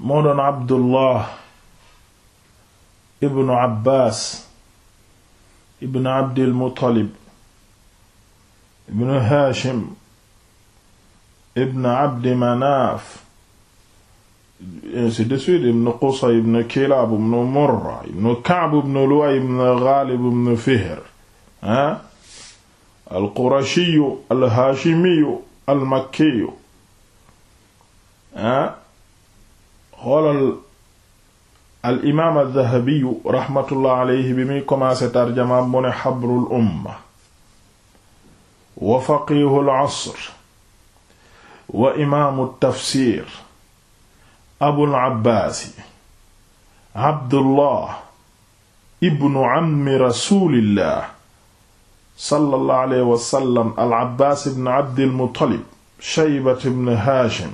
moo doon abdullah ibnu abbaas ibnu abdil muttalib ibnu haashim ibnu abdi manaaf ainsi de suite ibnu qusay ibnu kilaab ibnu murra ibnu ka'b ibnu lu'ay ibnu ghalib ibnu fihr ah alqurashiyu alhaashimiyu almakkiyu ah xoolal al imaam addahabiyu raxmatullah aleyhi bi muy commencé tarjamaam mu ne xabrul umma wa faqiihul asr wa imaamu tafsir abul abbaasi abdullah ibnu ammi rasulillah sallallahu alayhi wa sallam al abbaas ibn abdil muttalib shaybat ibn haashim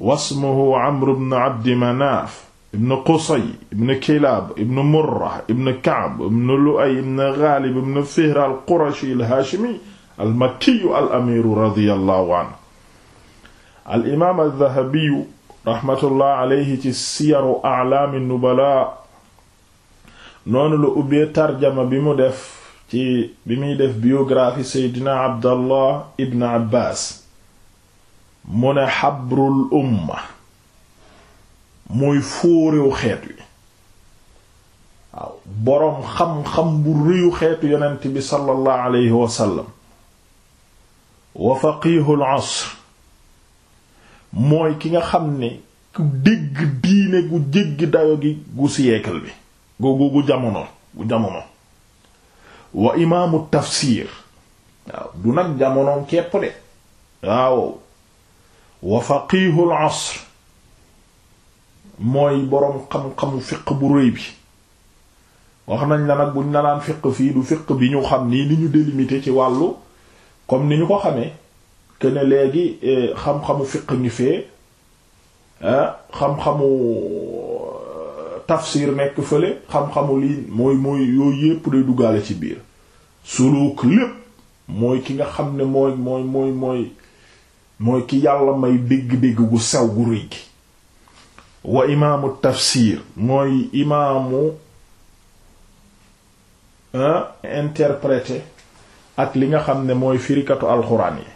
wasmuhu amru bnu abdi manaaf ibn qusay ibn kilaab ibn murra ibn kaab ibn lu'ay ibn ghalib ibn fihr al qurashi al haashimi al makkiyu al amiru radiyallahu anhu al imaam al dhahabiyu raxmatullah alayhi ci siyaru a'laami nubala noonu la ubbee tarjama bi mu def ci bi muy def biographie seydina abdallah ibn abbaas mu ne xabrul umma muy fóorewu xeet wi waaw boroom xam-xam bu rëyu xeetu yonent bi sallallahu alayhi wa sallam wa asr mooy ki nga xam ni ku dégg diine gu jéggi dayo gi gu siyeekal bi gu gu jamono gu jamono wa imaamu tafsir waaw du nag jamonoom képp de waaw wa faqihul asr mooy boroom xam-xamu fiq bu rëy bi wax nañ la nag buñ la naan fiq fii du fiq bi ñu xam nii ni ñu délimité ci wàllu comme ni ñu ko xamee que ne léegi eh, xam-xamu fiq ngi fee ah, xam-xamu euh, tafsir nekk fële xam-xamu lii mooy mooy yooyu yépp day duggaale ci biir suluk lépp mooy ki nga xam ne mooy mooy mooy mooy mooy ki yàlla may dégg-dégg bu sew gu rëy gi wa imaamu tafsir mooy imaamu ah, interpréter ak li nga xam ne mooy firikatu alxuraan yi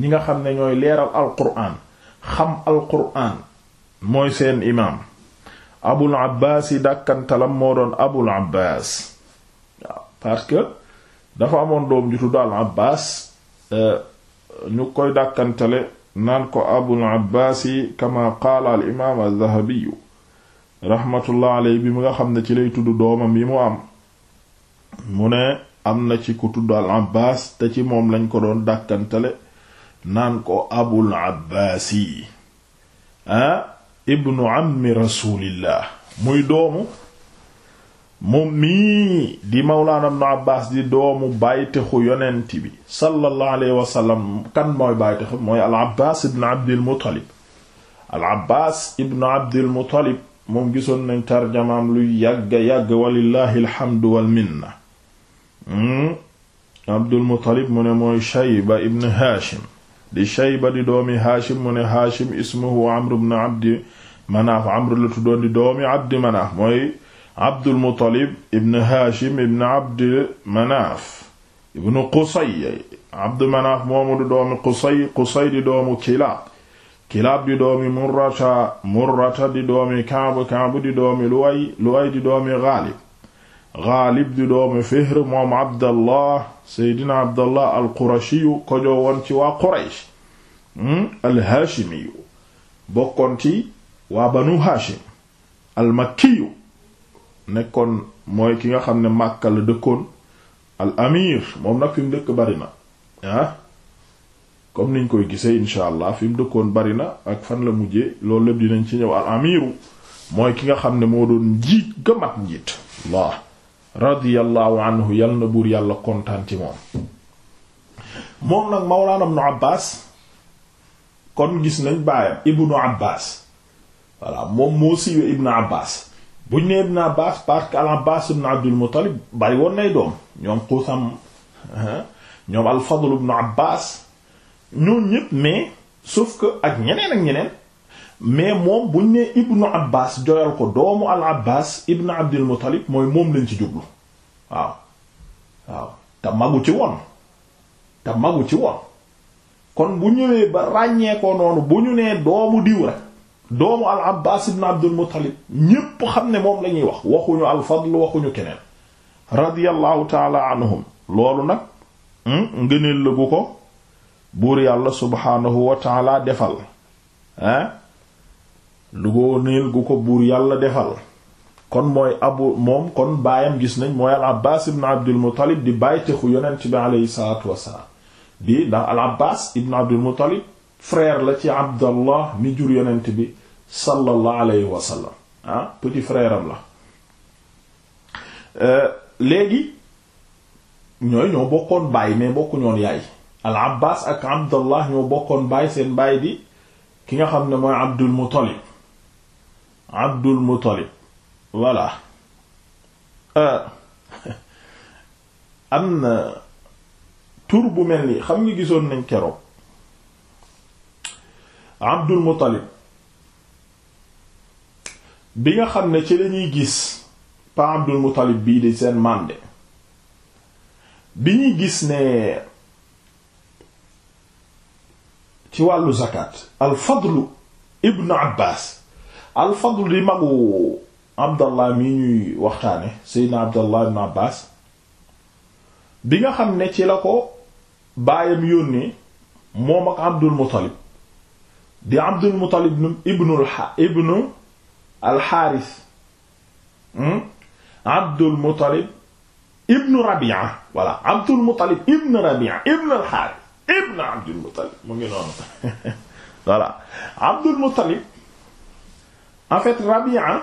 ñi nga xam ne ñooy leeral alxuraan xam alxuraan mooy seen imaam abul abbaas yi dàkkantalam moo doon abul abbaas waaw parce que dafa amoon doom ju tudd al abbaas euh, ñu koy dàkkantale naan ko abul abbaasi kama qaala al imaam addahabiyu rahmatullah bi mu nga xam ne ci lay tudd doomam yi mu am mu ne am na ci ku tudd al abbaas te ci moom lañ ko doon dàkkantale naan ko abul abbaasi ah ibnu ammi rasulillah muy doomu moom mii di mawlaana ibnu abbaas di doomu bàytixu yonent bi sallallahu alayhi wa sallam kan mooy bàytixu mooy al abbaas ibnu abdil muttalib al gisoon nañ tarjamaam lu yàgg yàgg walillahi alhamdu wal minna hmm? abdul muttalib mu ne mooy shayba ibnu haashim di shayba di doomi haashim mu ne haashim ismuhu amru ibnu abdi manaaf amru la tuddoon di doomi manaaf abdulmutalib ibn haashim ibn abdi manaaf ibnu qusay abdu manaaf moomu di doomi qusay qusay di doomu kilaab kilaab di doomi murrata murrata di doomi kaab kaab di doomi luway luway di doomi gaalib gaalib di doomi fihr moom abdallah seydina abdallah alqurashiyu ko joo woon ci waa quraysh hmm? alhaashimiyu bokkoon ci waa banu haashim almakkiyu nekkoon mooy ki nga xam ne màkk la dëkkoon al amir moom nag fi dëkk bari na ah comme niñ koy gisee incha allah fi dëkkoon bari na ak fan la mujjee loolu lépp dinañ ci ñëw al amiru mooy ki nga xam ne moo doon njiit ga mat njiit Allah radiyallahu anhu yal na buur yàlla kontaan ci moom moom nag mawlaana ibnu Abbaas kon gis nañ baayam ibnu Abbaas voilà moom moo siiwee ibnu Abbaas bu ne Ibn Abbas parce que al-Abbas ibn Abdul Muttalib bari woon nay doom ñoom Qusam ñoom al-Fadl ibn ñoom ñëpp mais sauf que ak ñeneen ak ñeneen mais moom buñ ne Ibn Abbas joyal ko doomu al-Abbas ibn Abdul Muttalib mooy moom lañ ci jublu waaw waaw te magu ci woon te magu ci woon kon bu ñëwee ba ràññee ko noonu bu ñu nee doomu diw rek doomu al abbas ibn abdul muttalib ñépp xam ne moom lañuy wax waxuñu al fadl waxuñu keneen radiyallahu taala anhum loolu nag hmm, ngëneel la gu ko buur yàlla subhaanahu wa taala defal ah lu ko gu ko buur yàlla defal kon mooy abu moom kon baayam gis nañ mooy al abbas ibn abdul muttalib di bàyytexu yonent bi aleyhi salatu wasalaam di ndax al abbas ibn abdul muttalib frère la ci abdallah mi jur yonent bi sallallahu alayhi wa sallam ah petit frère la euh, léegi ñooy ñoo bokkoon baay mais bokkuñoon yaay al abbas ak abdallah ñoo bokkoon baay seen baay di ki nga xam ne mooy abdul muttalib abdul muttalib voilà euh, am na tur bu mel ni xam nga gisoon nañ keroog abdul muttalib bi nga xam ne ci lañuy gis pa bii di seen mànde bi ñuy gis ne ci wàllu zakat al fadlu ibnu abbas al fadlu di magu abdallah mi ñuy waxtaane seydna abdallah ibnu abbas bi nga xam ne ci la ko baayam yónnee moom ak abdul muttalib di abdul muttalib ibnu ibnu alxaaris hmm? abdul muttalib ibnu rabia voilà abdul muttalib ibnu rabia ibnu alxaaris ibnu abdul muttalib mu ngi noonu voilà abdul muttalib en fait rabia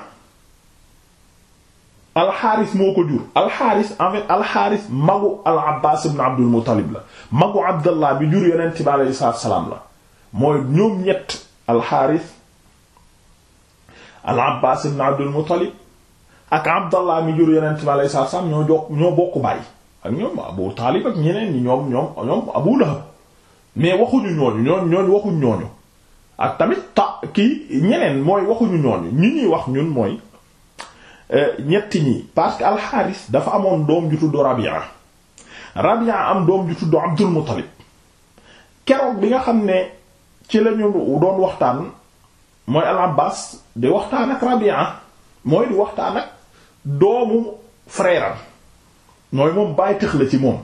alxaaris moo ko jur alxaaris en fait alxaaris magu al abbas ibn abdul muttalib la magu abdallah bi jur yonent bi aleyhi salaatu wa salaam la mooy ñoom ñett alxaaris al Abbaas ibn Abdul Muttalib ak Abdallah mi ñoo jokk ñoo bokk baay ak ñoom Abu Taalib ak ñeneen ñi ñoom ñoom ñoom Abu Lahab mais waxuñu ñooñu ñooñu ñooñu waxuñu ñooñu ak kii waxuñu ñooñu ñuy wax ñun mooy euh, ñetti ñi parce que alxaaris dafa amoon doom ju tudd Rabia Rabia am doom ju tudd Abdul Muttalib keroog bi nga xam ne ci lañu doon waxtaan mooy al Abbaas di waxtaan ak Rabi'a mooy di waxtaan ak doomu frère am mooy moom bàyyi tëx la ci moom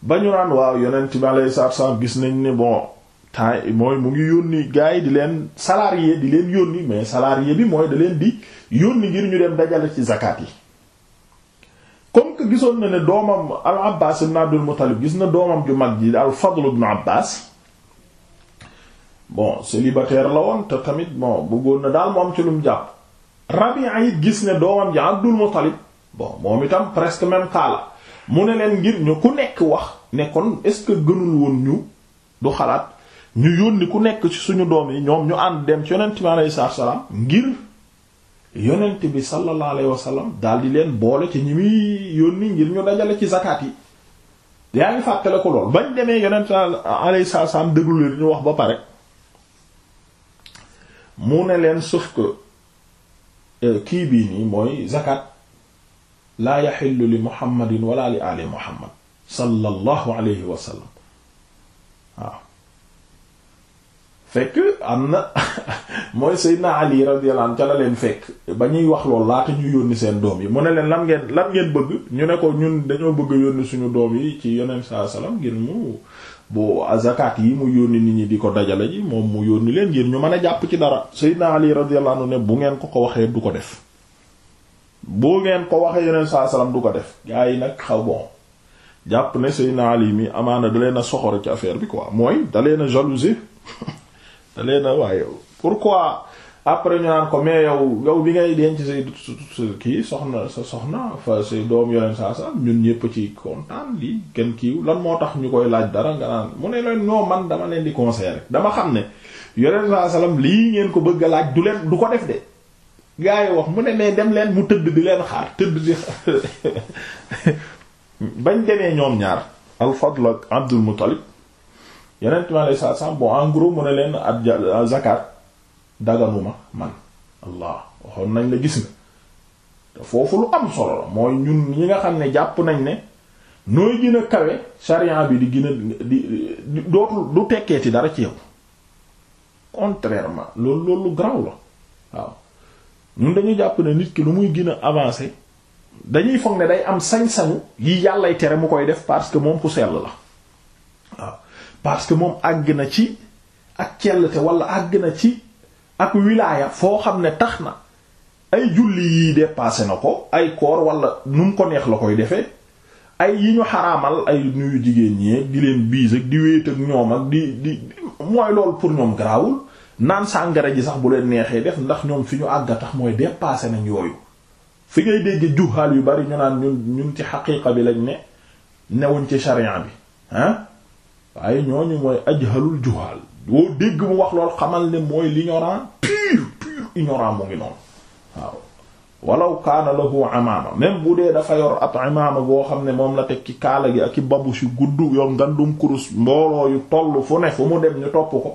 ba ñu naan waaw yonent bi alayhi salaam gis nañ ne bon temps mooy mu ngi yónni gars yi di leen salarié di leen yónni mais salarié bi mooy da leen di yónni ngir ñu dem dajale ci zakat yi comme que gisoon na ne doomam al Abbaas ibn Abdul Muttalib gis na doomam ju mag ji al Fadl ibn Abbaas bon célibataire la woon te tamit bon bëggoon na daal moom ci lu mu jàpp Rabi'a it gis ne doomam ji Abdul Muttalib bon moom itam presque même cas mu ne leen ngir ñu ku nekk wax ne kon est-ce que gënul woon ñu du xalaat ñu yónni ku nekk suñu doom yi ñoom ñu ànd dem ci yonent bi alayhi salaam ngir yonent bi sallallahu alayhi wasallam daal di leen boole ci ñi muy yónni ngir ñu dajale ci zakat yi yaa ngi ko lool bañ demee yonent bi alayhi salaam ñu wax ba pare mu ne leen sauf que euh, kii bii nii mooy zakat laa yaxillu li muhammadin wala li ali muhammad sallallahu alayhi wa sallam waaw fekk am na mooy Seydina Ali radiyallahu anhu ca la leen fekk ba ñuy wax loolu laata ñu yónni seen doom yi mu ne leen lan ngeen lan ngeen bëgg ñu ne ko ñun dañoo bëgg yónni suñu doom yi ci yeneen saa salaam ngir mu bu zakat yi mu yónni nit ñi di ko dajale ji moom mu yónni leen ngir ñu mën a jàpp ci dara Seydina Ali radiyallahu anhu ne bu ngeen ko ko waxee du ko def bu ngeen ko waxee yeneen saa salaam du ko def gaa yi nag xaw bon jàpp ne Seydina Ali mi amaana da leen a soxor ci affaire bi quoi mooy da leen da leena waaye quoi après ñu naan ko mais yow yow bi ngay denc say kii soxna sa soxna fa say doom yoneen saa sa ñun ñëpp ci kontaan lii kenn kiiw lan moo tax ñu koy laaj dara nga naan mu ne leen ñoo man dama leen di conseiller dama xam ne yoneen saa salam lii ngeen ko bëgg a laaj du leen du ko def de gaa yi wax mu ne mais dem leen mu tëdd di leen xaar tëdd di bañ demee ñoom ñaar al Fadl ak Abdul Muttalib yeneen time alay saa saam bon en gros mu ne leen ab euh, zakat daganuma man allah waxoon nañ la gis nga te foofu lu am solo la mooy ñun ñi nga xam ne jàpp nañ ne nooy gën a kawe sharia bi di gën a di dootul du tekkeeti dara ci yow contrairement loolu loolu lu garaaw la waaw ñun dañu jàpp ne nit ki lu muy gën a avancé dañuy foog ne day am sañ-sañu yi yàllay tere mu koy def parce que moom ku sell la waaw parce que moom àgg na ci ak cellte wala àgg na ci ak wilaaya foo xam ne tax na ay julli yii dépassé na ko ay koor wala nu mu ko neex la koy defee ay yi ñu xaraamal ay nuyu jigéen ñee di leen biis ak di wéet ak ñoom ak di di mooy lool pour ñoom garaawul naan sàngara ji sax bu leen neexee def ndax ñoom fi ñu àgg a tax mooy dépassé nañ yooyu fi ngay dégg juhaal yu bari ñu naan ñun ci xaqiqa bi lañ ne newuñ ci sharia bi waaye ñooñu mooy ajhalul juhaal boo dégg mu wax lool xamal ne mooy l'ignorant pur pur ignorant mu ngi noonu waaw walaw kaana lahu amaama même bu dee dafa yor ab imaama boo xam ne moom la teg ci kaala gi ak i babus yu gudd yor ngandum kurus mbooloo yu toll fu ne fu mu dem ñu topp ko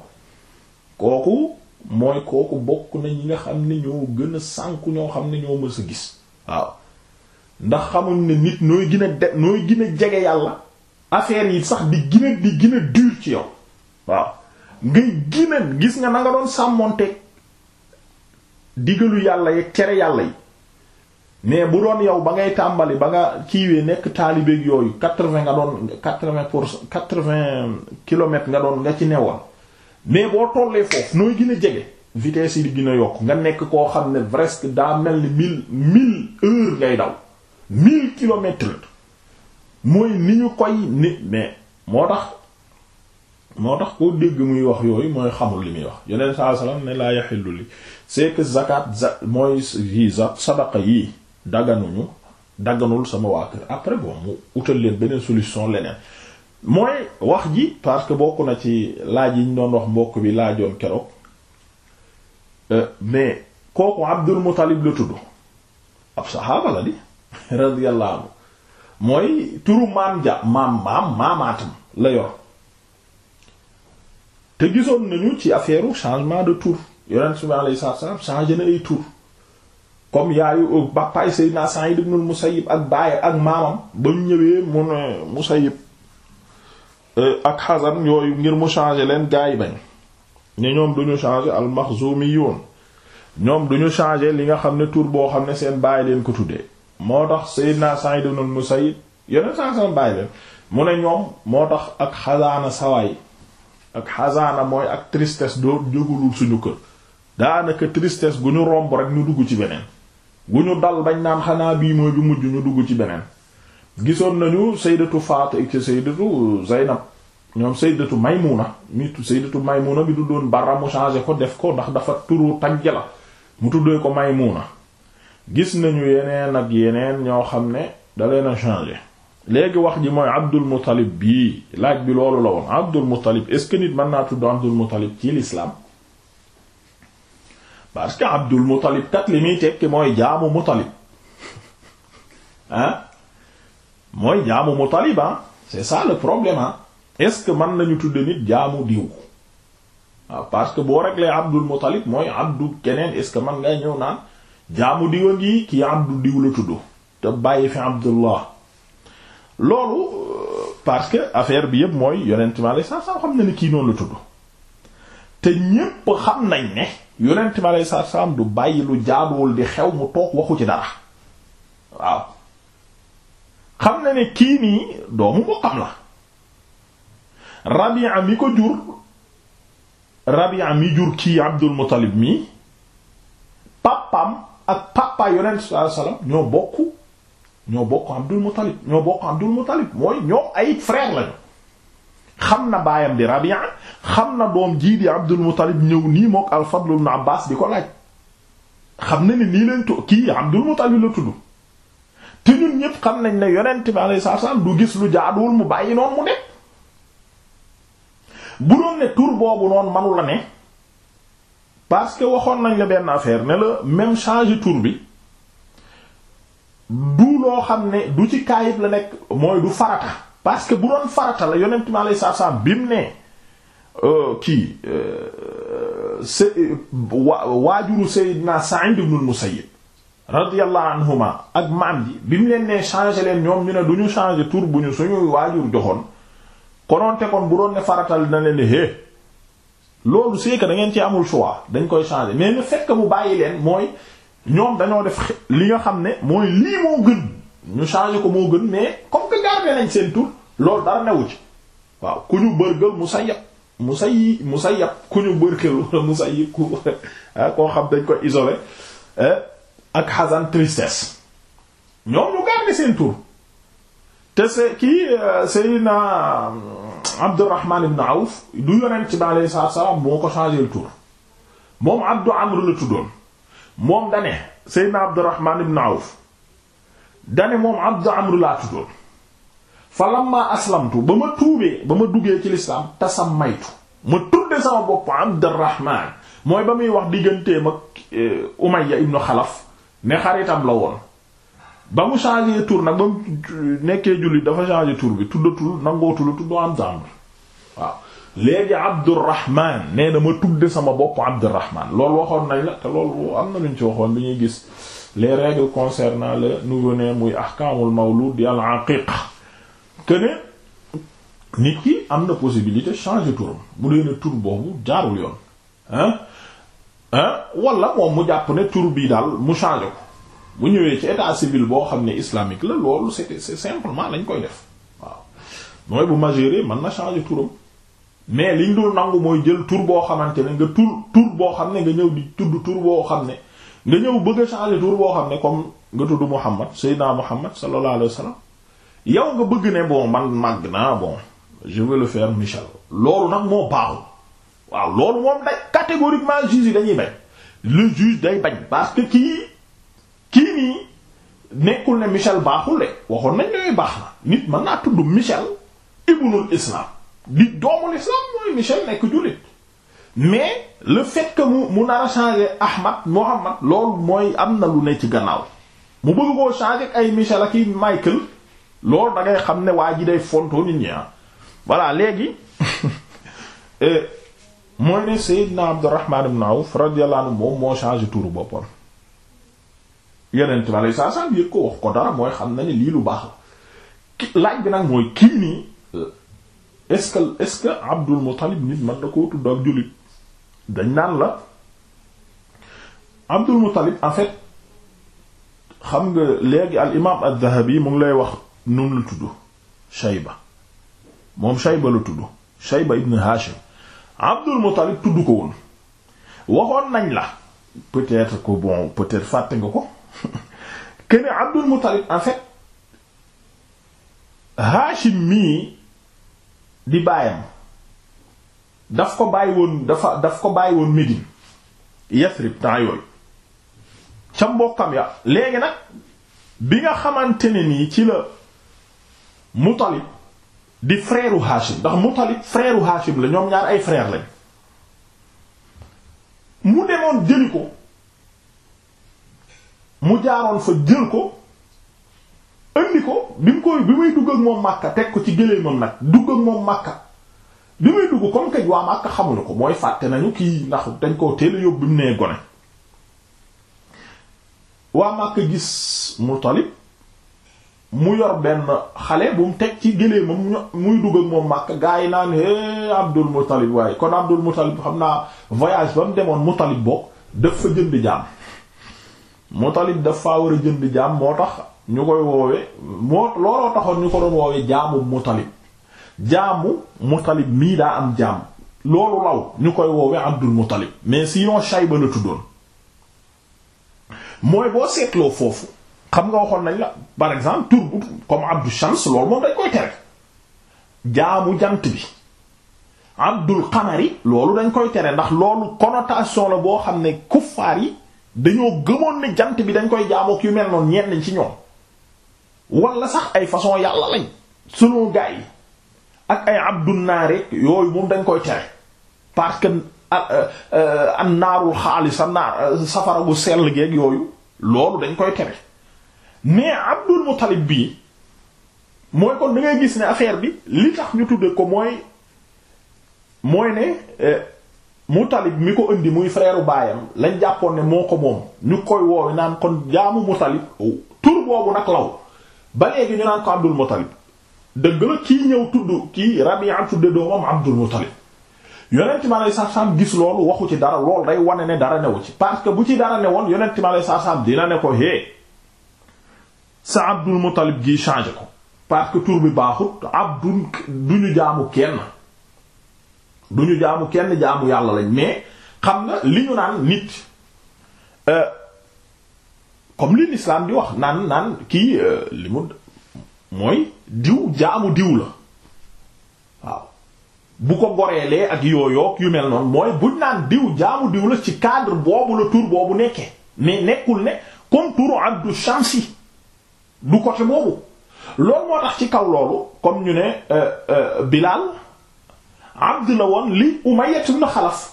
kooku mooy kooku bokk na ñi nga xam ne ñoo gën a sànku ñoo xam ne ñoo mës a gis waaw ndax xamuñ ne nit nooy gën a de nooy gën a jege yàlla affaire yi sax di gën a di gën a ci yow waaw ngay gën gis nga na nga doon sàmmonteeg digalu yàlla yeeg cere yàlla yi mais bu doon yow ba ngay tàmbali ba nga kiiwee nekk taalibeeg yooyu quatre-vingts nga doon pour quatre-vingts kilomètres nga doon nga ci newoon mais boo tollee foofu nooy gën a jege vitesse yi di gën yokk nga nekk koo xam ne presque daa mel ni mille mille heures ngay daw mille kilomètres mooy ni ñu koy ni mais moo tax moo tax koo dégg muy wax yooyu mooy xamul li muy wax yeneen saa salaam ne laa yaxillu li c'est que zakat za mooy yi za sadaqa yi dagganuñu dagganul sama waa kër après bon mu utal leen beneen solution leneen mooy wax ji parce que bokk na ci laaj yi ñu doon wax mbokk bi laajoon keroog euh, mais kooku Abdul Muttalib la tudd ab saxaaba la di radiyallahu mooy turu maam ja maam maam maamaatam la yor te gisoon nañu ci affaire changement de tour yonent bi alayhi salaam changé na ay tour comme yaayu euh, bàppaay Seydina Sa'id ibn al-Musayyib ak baay ak maamam ba ñu ñëwee mu ne Musayyib euh, ak Hazan yooyu ngir mu changé leen gaa bañ ne ñoom duñu changé al-Makhzumiyun ñoom duñu changé li nga xam ne tour boo xam ne seen baay leen ko tuddee moo tax Seydina Sa'id ibn al-Musayyib yeneen saa saa bàyyi mu ne ñoom moo tax ak xasaana saway ak xasaana mooy ak tristesse doo jógulul suñu kër daanaka tristesse gu ñu romb rek ñu dugg ci beneen gu ñu dal bañ naan xanaa bii mooy bi mujj ñu dugg ci beneen gisoon nañu sayyidatu Faatu ak sayyidatu Zaynab ñoom sayyidatu Maymuna mitu sayyidatu Maymuna bi du doon barra mu ko def ko ndax dafa turu tagg la mu tuddee ko Maymuna gis nañu yeneen ak yeneen ñoo xam ne da na a léegi wax ji mooy Abdul Muttalib bii laaj bi loolu la woon Abdul Muttalib est-ce que nit mën naa tudd Abdul Muttalib ci l'islam parce que Abdul Muttalib kat li muy tekki mooy jaamu Muttalib ah mooy jaamu Muttalib ah c'est ça le problèment est-ce que mën nañu tudd nit jaamu diw waaw ah, parce que boo rek lay Abdul Muttalib mooy Abdu keneen est-ce que man ngay ñëw naan. jaamu diwa ngi kii abdu diw la tudd te bàyyi fi abdullah loolu parce que affaire bi yëpp mooy yonent mi aleyhi xam na ne kii noonu la tudd te ñépp xam nañ ne yonent mi aleyhi du bàyyi lu jaaduwul di xew mu toog waxu ci dara waaw xam na ne kii nii doomu mbokkam la Rabi'a mi ko jur Rabi'a mi jur kii Abdul Muttalib mi papam ak papa yonent sallallahu alayhi wasallam ñoo bokk ñoo bokk Abdul Muttalib ñoo bokk Abdul Muttalib mooy ñoom ay frère lañu xam na baayam di Rabia xam na doom jii di Abdul Muttalib ñëw nii mook al-Fadl ibn Abbas di ko laaj xam na ni nii leen to kii Abdul Muttalib la tudd te ñun ñëpp xam nañ ne yonent bi alayhi salaam du gis lu jaaduwul mu bàyyi noonu mu nekk bu doon ne tur boobu noonu manu la ne parce que waxoon nañ la benn affaire ne la même changer tour bi du loo xam ne du ci kaayib la nekk mooy du farata parce que bu doon farata la yonent mi alayhi salaatu salaam bi mu ne euh, kii euh, waajuru Seydina Sa'id ibn al-Musayyib radiyallahu anhuma ak maam ji bi mu leen nee changer leen ñoom ñu ne du ñu changer tour bu ñu suñu waajur joxoon konoonte kon bu doon ne faratal na leen ne loolu c'est que ngeen ci amul choix dañ koy changer mais na fekk mu bàyyi leen mooy ñoom dañoo def li nga xam ne mooy lii moo gën ñu changer ko moo gën mais comme que garder nañ seen tur loolu dara newu ci waaw ku ñu bërgël mu sa yab mu sa mu sa ku ñu bërgël wala mu sa yi ku ah, koo xam dañ koy isolé eh, ak xasan tristesse ñoom ñu garder seen tur te c'est kii euh, Seydina Abdurrahman ibn Awf du yonent bi alayhi salaatu wa salaam ko changé le tour moom Abdu Amr la tuddoon moom dane Seydina Abdurrahman ibn Awf dane moom Abdu Amr laa tuddoon fa lamma aslamtu ba ma tuubee ba ma duggee ci lislaam tasammaytu ma tudde sama bopp Abdurrahman mooy ba muy wax digganteem ak eh, Umayya ibn Xalaf ne xaritam la woon ba mu changé tour nag ba mu nekkee jullit dafa changé tour bi tuddatul nangootul tuddoo am Amr waaw léegi Abdurrahman nee na ma tudde sama bopp Abdurrahman loolu waxoon nañ la te loolu am na lu ñu ci waxoon lu ñuy gis les règles concernant le nouveau-né muy ahkaamul mawlud di al-aqiqa que ne nit ki am na possibilité changer turam bu dee ne tur boobu jaarul yoon ah ah wala moom mu jàpp ne tur bii daal mu changé ko. bu ñëwee ci état civil boo xam ne islamique la loolu c'est c'est simplement lañ koy def waaw mooy bu majeur man na changer turam mais liñ dul nangu mooy jël tour boo xamante ne nga tur tour boo xam ne nga ñëw di tudd tour boo xam ne nga ñëw bëgg a changer tur boo xam ne comme nga tudd Muhammad Seydina Muhammad sallallahu alayhi wa sallam yow nga bëgg ne bon man màgg naa bon je vais le faire Michel loolu nag moo baaxul waaw loolu moom day catégoriquement juge yi kii nii nekkul ne Michel baaxul de nañ ne baax na nit mën naa tudd Michel ibnul islam di doomul islam mooy Michel nekk jullit mais le fait que mu mu nar changer Ahmad Mohammad loolu mooy am na lu ne ci gannaaw mu bëgg koo changer ay Michel ak i Michael loolu da ngay xam ne waa ji day fontoo nit ñi ah voilà léegi euh, mooy ne Seydina Abdurrahman ibn Awf radiyallahu anhu moom moo changer turu boppam. yeneen tubaab ma saa saa yëg ko wax ko dara mooy xam na ne lii lu baax la laaj bi nag mooy kii nii est-ce que est-ce que Abdul Muttalib nit mën na koo tudd ak jullit dañ naan la Abdul Muttalib en xam nga léegi al imaam ad-Dhahabi mu lay wax nun la tudd Shayba moom Shayba la tudd Shayba ibn Hashim Abdul Muttalib tudd ko woon waxoon nañ la peut-être que bon peut-être fàtte nga ko. kene Abdul Muttalib en fait Haashim mii di baayam daf ko bàyyi woon dafa daf ko bàyyi woon Médine Yathrib temps yooyu ca mbokkam ya léegi nag bi nga xamante ne nii ci la Muttalib di frère u Haashim ndax Muttalib frère u Haashim la ñoom ñaar ay freer lañ mu demoon jëli ko mu jaaroon fa jël ko indi ko bi mu koy bi muy dugg ak moom Makka teg ko ci gëléemam nag dugg ak moom Makka bi muy dugg comme que waa Makka xamuñu ko mooy fàtte nañu kii ndax dañ koo teel a yóbbu bi mu nee gone waa Makka gis Mutalib mu yor benn xale bu mu teg ci gëléemam muy dugg ak moom Makka gaa yi naan é Abdul Mutalib waaye kon Abdul Mutalib xam naa voyage ba mu demoon Mutalib bokk daf fa jënd jaam Mutalib dafa war a jënd jaam moo tax ñu koy woowe moo looloo taxoon ñu ko doon woowe jaamu Mutalib jaamu Mutalib mii daa am jaam loolu law ñu koy woowe Abdul Mutalib mais sinon Shayba la tuddoon mooy boo seetloo foofu xam nga waxoon nañ la par exemple tur bu comme Abdu Shams loolu moom dañ koy tere jaamu jant bi Abdul Qamari loolu dañ koy tere ndax loolu connotation la boo xam ne kuffaar yi dañoo gëmoon ni jant bi dañ koy jaamook yu mel noonu ñenn ci ñoom wala sax ay façon yàlla lañ sunu gaa yi ak ay abdunaareek yooyu moom dañ koy tere parce que euh, euh, an naarul xaalis a naar euh, safara gu sell geeg yooyu loolu dañ koy tere mais abdul muttalib bii mooy kon da gis ne affaire bi li tax ñu tudde ko mooy mooy ne Mutalib mi ko indi muy frère baayam lañ jàppoon ne moo ko moom ñu koy woowe naan kon jaamu Mutalib tur boobu nag law ba léegi ñu naan ko Abdul Mutalib dëgg la kii ñëw tudd kii Rabi'a tudde doomam Abdul Mutalib yonent ma lay sarsam gis loolu waxu ci dara loolu day wane ne dara newu ci parce que bu ci dara ne woon yonent ma lay sarsam dina ne ko hé sa Abdul Mutalib gii changé ko parce que tur bi baaxut Abdul duñu jaamu kenn du ñu jaamu kenn jaamu yàlla lañ mais xam na li ñu naan nit euh, comme li l'islam di wax naan naan kii euh, li mu mooy diw jaamu diw la waaw bu ko goreelee ak yooyoog yu mel noonu mooy buñ naan diw jaamu diw la ci cadre boobu la tur boobu nekkee mais nekkul ne comme turu abdu shamsi du côté boobu loolu moo tax ci kaw loolu comme ñu ne euh, Bilal. abd la woon li Umayya ibn Xalaf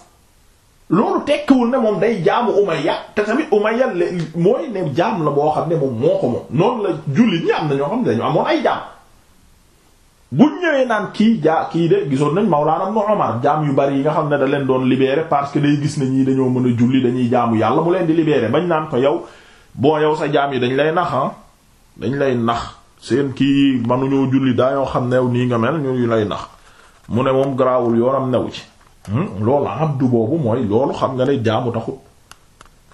loolu tekkiwul ne moom day jaamu Umayya te tamit Umayya mooy ne jaam la boo xam ne moom moo ko moom noonu la jullit ñi am na ñoo xam ne dañu amoon ay jaam buñ ñëwee naan kii jaa kii de gisoon nañ Mawlaana Ibn Umar jaam yu bari yi nga xam ne da leen doon libéré parce que day gis nañ ñii dañoo mën a julli dañuy jaamu yàlla mu leen di libéré bañ naan ko yow boo yow sa jaam yi dañ lay nax ah dañ lay nax seen kii mënuñoo julli daa yoo xam ne nii nga mel ñu lay nax mu ne moom garaawul yoonam new ci hmm? loolu abdu boobu mooy loolu xam nga ne jaamu taxut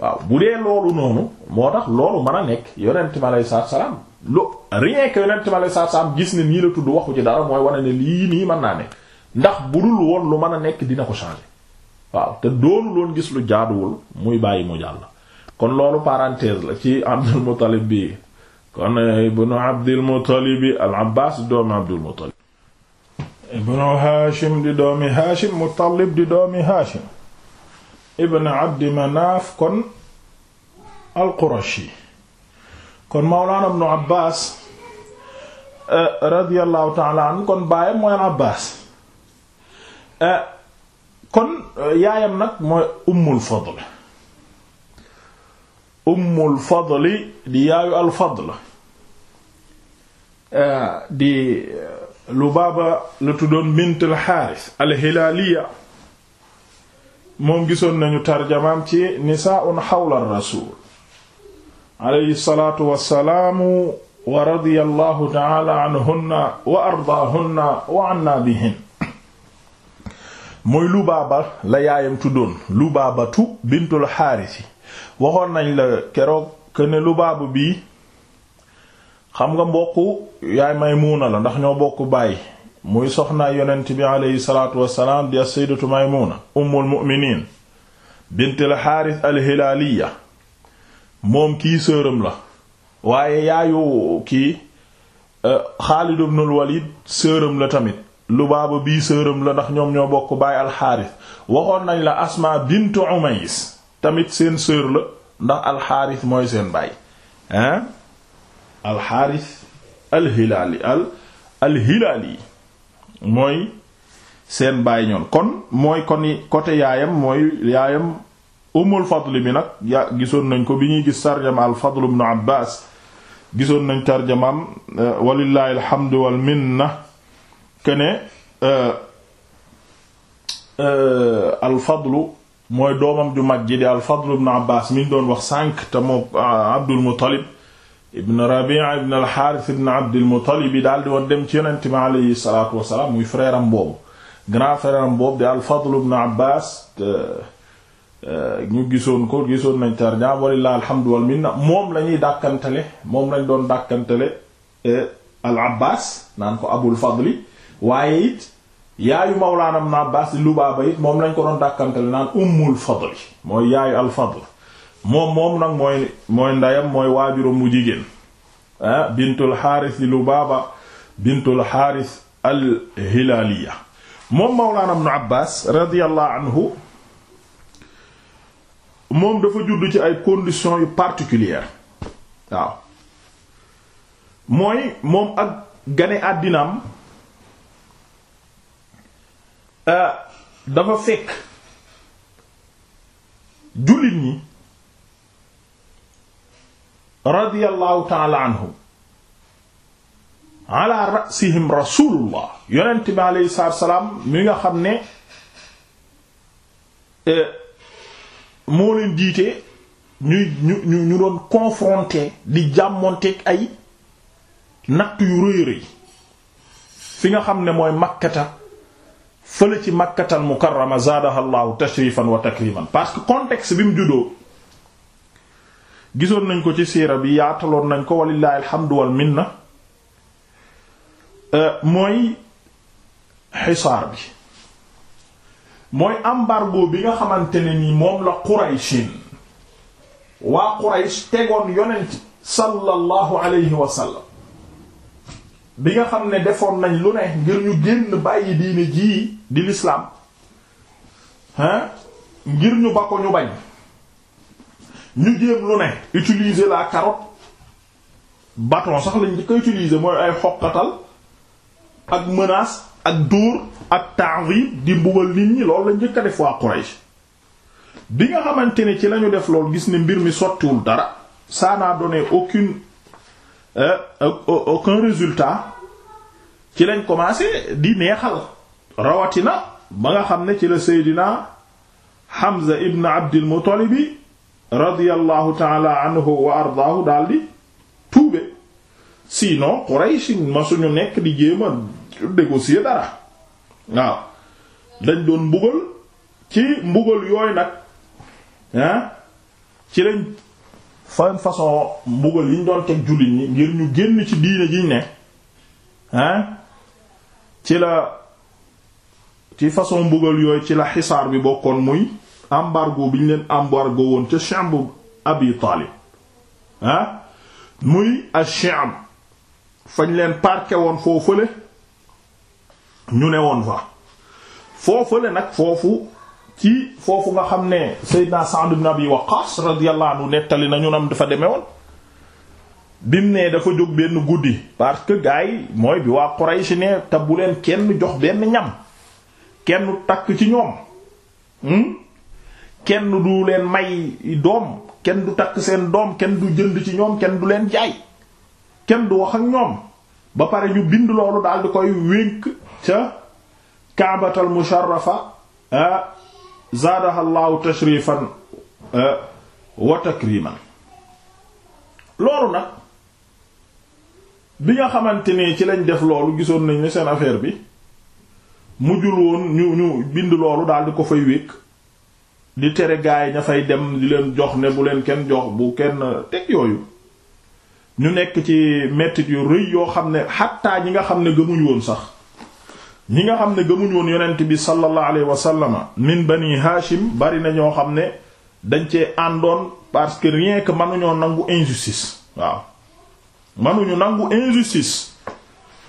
waaw bu dee loolu noonu moo tax loolu mën a nekk yonent mi aleyhi salaatu salaam lu rien yonent mi aleyhi salaatu salaam gis ne nii la tudd waxu ci dara mooy wane ne lii nii mën naa nekk ndax budul woon lu mën a nekk dina ko changer waaw te doonu loon gis lu jaaduwul muy bàyyi mu jàll kon loolu parenthèse la ci Abdul Muttalib bi kon ibnu Abdul Muttalib al Abbaas doomu Abdul Muttalib ibnu haashim di doomi haashim muttalib di doomi haashim ibn abdi manaaf kon alqurashi kon mawlaana ibnu abbaas eh, radiallahu taala kon baayam mooy abbaas eh, kon eh, yaayam nag mooy ummul fadl ummul fadli di yaayu alfadl Lubaaba la tuddoon bint al-Haaris al moom gisoon nañu tarjamaam ci nisaa'un xawla rasuul alayhi salaatu wa salaamu wa la yaayam tuddoon Lubaabatu bintul Haaris waxoon la keroog que ne Lubaaba bi xam nga mbokk yaay Maymuna la ndax ñoo bokk bàyyi muy soxnaa yonent bi aleyhi salaatu wassalaam di as-sayyidatu Maymuna ummul mu'miniin bint al-Haaris moom kii sëram la waaye yaayu kii euh, Xaalid ibn al-Walid sëram la tamit lu Lubaaba bii sëram la ndax ñoom ñoo bokk baay al-Haaris waxoon nañ la Asmaa bint Umays tamit seen sër la ndax al mooy seen baay alxaaris alhilaali al alhilaali mooy seen baay ñoon kon mooy kon côté yaayam mooy yaayam ummul fadli mi nag ya gisoon nañ ko bi ñuy gis tarjama al fadl ibn abbas gisoon nañ tarjamaam euh, walillahi alhamdu wal minna kene euh, euh, al fadlu mooy doomam ju mag ji di al fadl ibn abbas mi ñu doon wax sànq te abdul muttalib ibn Rabi'a ibn al-Harith Abd al yi daal di woon dem ci yonent mi alayhi salaatu wassalaam muy frère am boobu grand frère am di al-Fadl ibn Abbas e, ñu gisoon ko gisoon nañ tarjam walilah alhamdu wal moom la ñuy dàkkantale moom lañ doon dàkkantale e, al-Abbas naan ko Abul Fadli waaye it yaayu mawlaana ibn Abbas di Lubaaba moom lañ ko doon dàkkantale naan Ummul Fadli mooy yaayu al moom moom nag mooy mooy ndeyam mooy waajuram mu jigéen ah bintul xaaris di Lubaaba bintul xaaris al hilaaliya moom mawlaana ibnu Abbaas radiyallahu anhu moom dafa judd ci ay conditions yu particulières waaw mooy moom ak gane àddinaam dafa fekk jullit ñi radiyallahu taala anhum ala rasihim yonent bi aleyhi mi nga xam ne eh, moo leen jiite ñuy ñu doon confronté di jàmmonteeg ay natt yu rëy rëy fi nga xam ne mooy makkata fële ci makkatal mukarrama zaadaha allahu tashrifan wa takriman parce que contexte bi mu juddoo gisoon nañ ko ci siira bi yaataloon nañ ko walillahi alhamdu wal minna euh, mooy xisaar bi mooy bargo bi nga xamante ne ni moom la qurayshin waa quraysh tegoon yonent sallallahu alayhi wa bi nga xam ne defoon nañ lu ne ngir ñu génn bàyyi diine jii di lislaam ngir ñu ba ko ñu bañ ñu jéem lu ne utiliser la carotte bâton sax lañ ko utiliser mooy ay xoqatal ak menace ak dóor ak ta'zib di mbugal nit ñi loolu lañ njëkk a def waa Quraysh bi nga xamante ne ci lañu def lool gis ne mbir mi sottiwul dara ça n'a donné aucune euh, aucun résultat ci lañ commencé di neexal rawatina ba nga xam ne ci la Seydina Hamza ibn Abdil Muttalibi radiyallahu taala anhu wa ardaahu daal di tuube sinon Quraysh masuñu nekk di jéem a négocier dara waaw dañ doon mbugal ci mbugal yooyu nag ah ci lañ fan façon mbugal yi ñu doon teg jullit ñi ngir ñu génn ci diine jiñ ne ah ci la ci façon mbugal yooyu ci la xisaar bi bokkoon muy embargo bi ñu leen embargo woon ca sha'b abi taalib ah muy ash-sha'b fañ leen parke woon foofale ñu ne woon fa foofale nag foofu ci foofu nga xam ne Seydina Sa'd ibn Abi Waqqas radiyallahu anhu nettali nañu am dafa demee woon bim ne dafa jóg benn guddi parce que gars mooy bi waa Quraysh ne te bu leen kenn jox benn ñam kenn takk ci ñoom hmm? kenn du leen may doom kenn du takk seen doom kenn du jënd ci ñoom kenn du leen jaay kenn du wax ak ñoom ba pare ñu bind loolu daal di koy wénk ca kaabatal musharrafa ah, zaadaha llahu tashrifan ah, wa loolu nag bi nga xamante ni ci lañ def loolu gisoon nañ seen affaire bi mujjul woon ñu ñu bind loolu daal di ko fay wékk li tere gaay ña fay dem di leen jox ne bu leen kenn jox bu kenn teg yooyu ñu nekk ci mettit yu rëy yoo xam ne xattaa ñi nga xam ne gëmuñ woon sax ñi nga xam ne gëmuñu woon yonent bi sallallahu alayhi wa sallama min bani hashim bari na ñoo xam ne dañ cee àndoon parce que rien que mënuñoo nangu injustice waaw mënuñu nangu injustice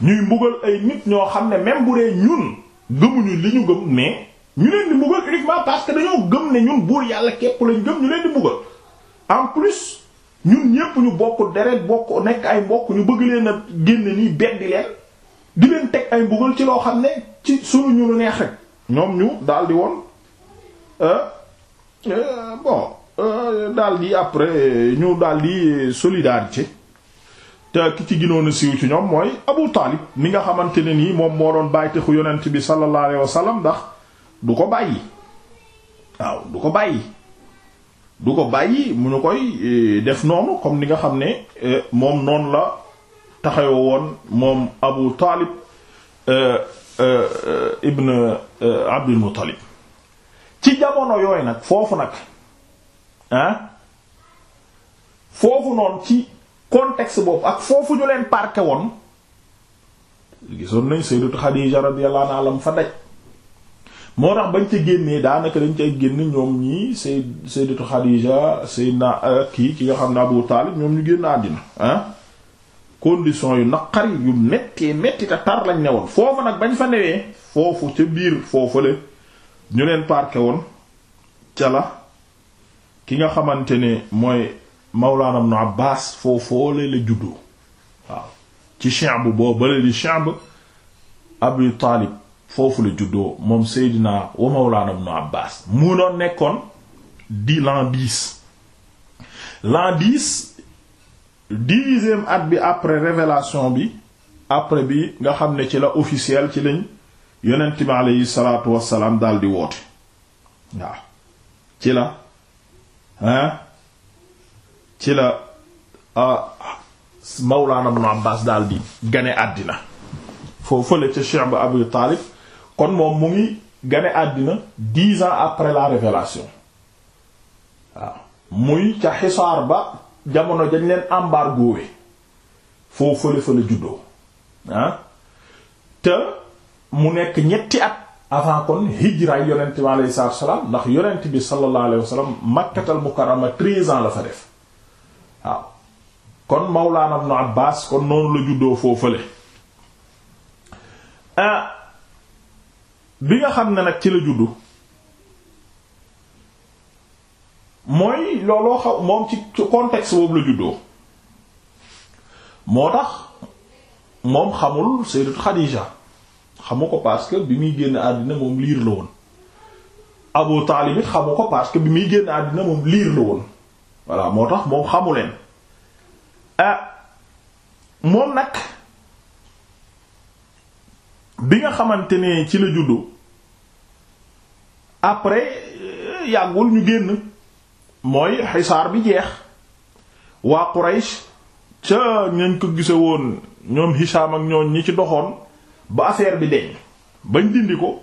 ñuy mbugal ay nit ñoo xam ne même bu dee ñun gëmuñu li ñu gëm mais ñu leen di mbugal uniquement parce que dañoo gëm ne ñun buur yàlla képp lañ gëm ñu leen di mbugal en plus ñun ñépp ñu bokk deret bokk nekk ay mbokk ñu bëgg leen a génn nii beddi leen di leen teg ay mbugal ci loo xam ne ci suñu ñu neex rek ñoom ñu daal di woon euh, euh, bon euh, daal di après ñu daal di solidarité te ki ci ginoonu a siiw ci ñoom mooy Abu Taalib mi nga xamante ne nii moom moo doon bàyyi texu yonent bi sallallahu alayhi wasallam ndax. du ko bàyyi waaw du ko bàyyi du ko bàyyi mu ñu koy e, def noonu comme ni nga xam ne e, moom noonu la taxawe woon moom Abu Talib e, ibn Abdul Muttalib ci jamono yooyu nag foofu nag ah foofu noonu ci contexte boobu ak foofu ñu leen park woon gisoon nañ Sayyidatu Xadiija radiyallahu anha fa daj moo tax bañ ca génnee daanaka dañ ca génn ñoom ñii say sayyidatu Xadiija sayyidna euh, kii ki nga xam ne Abu Taalib ñoom ñu génn àddina ah condition yu naqari yu mettee metti tar lañ ne woon foofu nag bañ fa newee foofu ca biir foofu le leen parqué woon ca la ki nga xamante ne mooy Mawlaana Ibnu Abbaas foofoo le la juddoo waaw ci cheb boobale di cheb Abu Taalib foofu la juddoo moom Seydina wa Mawlana Ibn Abbas mu noon nekkoon di l'an dix l'an dix dixième at bi après révélation bi après bi nga xam ne ci la officiel ci lañ yonent bi aleyhi salaatu wassalaam daal di woote waaw ci la ah ci la ah, Mawlana Ibn Abbas daal di gane àddina foo la ca Cheikh ba Abu Taalib kon moom mu ngi gane àddina dix ans après la révélation waaw muy ca xisaar ba jamono dañ leen embargo foo fële fële juddoo ah te mu nekk ñetti at avant kon hijraay yonent bi alayhi salaatu ndax yonent bi sallallahu alayhi wasallam makkatal mukarrama treize ans la fa def waaw kon mawlaana ibnu abbaas kon noonu la juddoo foo fële ah. bi nga xam ne nag ci la juddu mooy looloo xaw moom ci contexte boobu la juddoo moo tax moom xamul Sayyidatu Xadiija xamu ko parce bi muy génn àddina moom liir la woon Abu Taalib it xamu ko parce bi muy génn àddina moom liir la woon voilà moo tax moom xamu leen ah moom nag bi nga xamante ne ci la juddu après euh, yàggul ñu génn mooy xisaar bi jeex waa Quraysh ca ñañ ko gise woon ñoom Hisham ak ñooñ ñi ci doxoon ba affaire bi deñ bañ dindi ko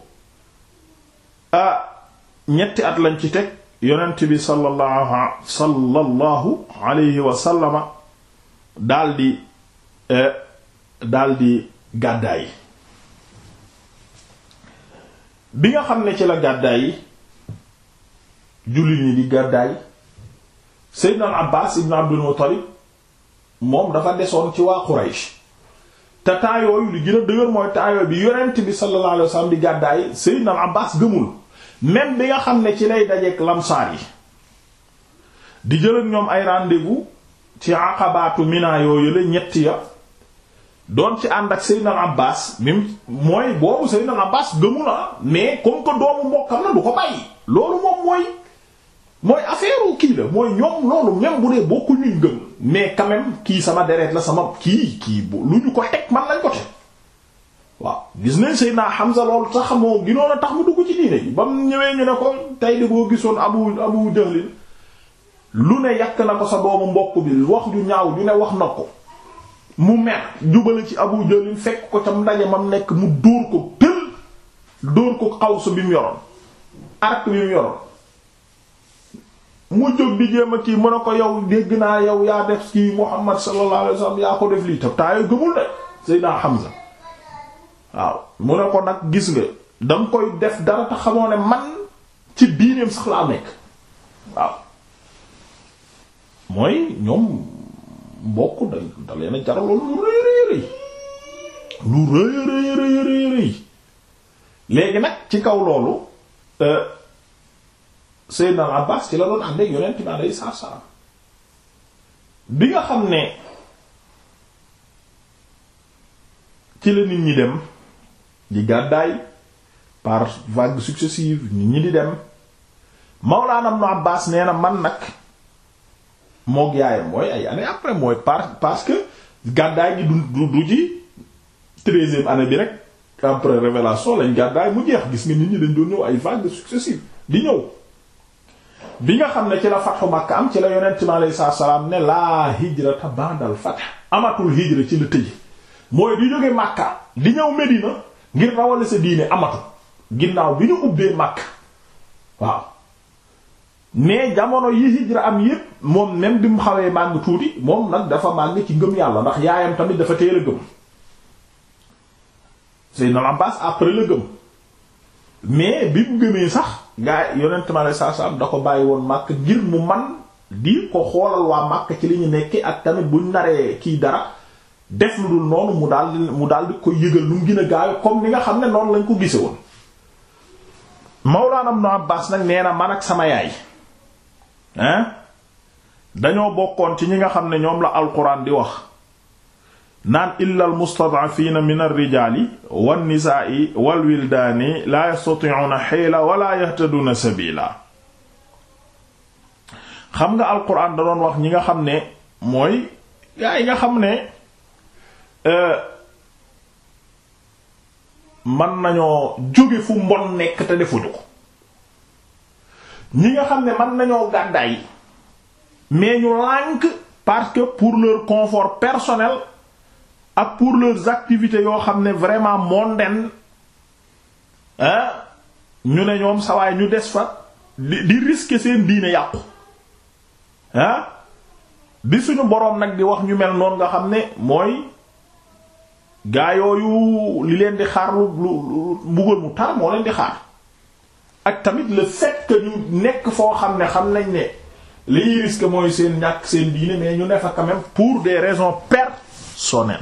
ñetti at lañ ci teg yonent bi sallallahu sallallahu alayhi wa sallama daldi euh, daldi gàddaay bi nga xam ne ci la gàddaay yi jullit ñi di gàddaay Seydina Abbaas ibn Abdul Muttalib moom dafa desoon ci waa Quraysh te taayooyu li gën a dëgër mooy taayooy bi yonent bi sallallahu alayhi di gàddaay Seydina al Abbaas gëmul même bi nga xam ne ci lay dajeek lamsaar yi di jël ñoom ay rendez ci aqabaatu Mina yooyu la ya doon ci ànd ak Seydina Abbas même mooy boobu Seydina Abbas gëmu na mais comme ko doomu mbokkam na du ko bàyyi loolu moom mooy mooy affaire kii la mooy ñoom loolu même bu dee bokku ñu gëm mais quand kii sama deret la sama kii kii lu ñu ko teg man lañ ko teg waaw gis nañ Seydina Hamza loolu sax moo ginoon a tax mu dugg ci diine yi ba mu ñëwee ñu ne ko tey de boo gisoon Abu Abu Jahl lu ne yàq na ko sa doomu mbokk bi wax ju ñaaw ju ne wax na ko. mu mer jubale ci Abu Jahl fekk ko cam ndaje mam nekk mu dóor ko tël dóor ko xawsu bi mu yoroon arc bi mu yoroon mu jóg di jéem a kii mën a ko yow dégg naa yow yaa def kii Muhammad sallallahu alayhi wasallam yaa ko def lii tam taa yoo waaw mu ne ko nag gis nga danga koy def dara te xamoo ne man ci biineem sax laa nekk waaw mooy ñoom bokk da da na a jaraloon lu rëy lu rëy rëy rëy rëy léegi nag ci kaw loolu euh, Seydina Abbas ci la doon ànd ak yonent bi alayhi salaam bi nga xam ne ci la nit ñi dem di gàddaay par vagues successives ñi di dem Mawlaana Ibn Abbas nee na man nag. moog yaayam mooy ay année après mooy par parce que gàddaay gi du du ji treizième année bi rek après révélation lañ gàddaay mu jeex gis nga nit ñi dañ doon ñëw ay vagues successives di ñëw bi nga xam ne ci la fa Makka am ci la yonent mi alayhi salaam ne laa hijrata ba'dal fath amatul hijra ci la tëj mooy di jóge Makka di ñëw Medina ngir rawale sa diine amatu ginnaaw bi ñu ubbee Makka waaw mais jamono yi hijra am yépp moom même bi mu xawee màgg tuuti moom nag dafa màgg ci gëm yàlla ndax yaayam tamit dafa teel a gëm Seydina Abbas après la gëm mais bi mu gëmee sax gaa yonent ma lay saasam da ko bàyyi woon màkk ngir mu man di ko xoolal waa màkk ci li ñu nekkee ak tamit buñ naree kii dara def lu dul noonu mu daal mu daal di ko yëgal lu mu gën a gaaw comme ni nga xam ne noonu lañ ko gise woon Mawlaana Ibn Abbas nag nee na man ak sama yaay dañoo bokkoon ci ñi nga xam ne ñoom la alquran di wax naan illa almustad'afina min ar-rijaali wan-nisaa'i wal-wildaani la yastati'una hiila wala yahtaduna sabila xam nga alquran da doon wax ñi nga xam ne mooy gaa yi nga xam ne euh, mën nañoo jóge fu mbon nekk te defuñu ko ñi nga xam ne mën nañoo gàddaay mais ñu lànk parce que pour leur confort personnel ak pour leur activités yoo xam ne vraiment mondaines ah ñu ne ñoom sawaay ñu des fa di di risquer seen diine yàqu bi suñu boroom nag di wax ñu mel noonu nga xam ne mooy gaa yooyu li leen di xaar lu lu mbugal mu tar moo leen di xaar ak tamit la fait que ñu nekk foo xam ne xam nañ ne liy risque mooy seen ñàkk seen diine mais ñu ne fa quand pour des raisons personnelles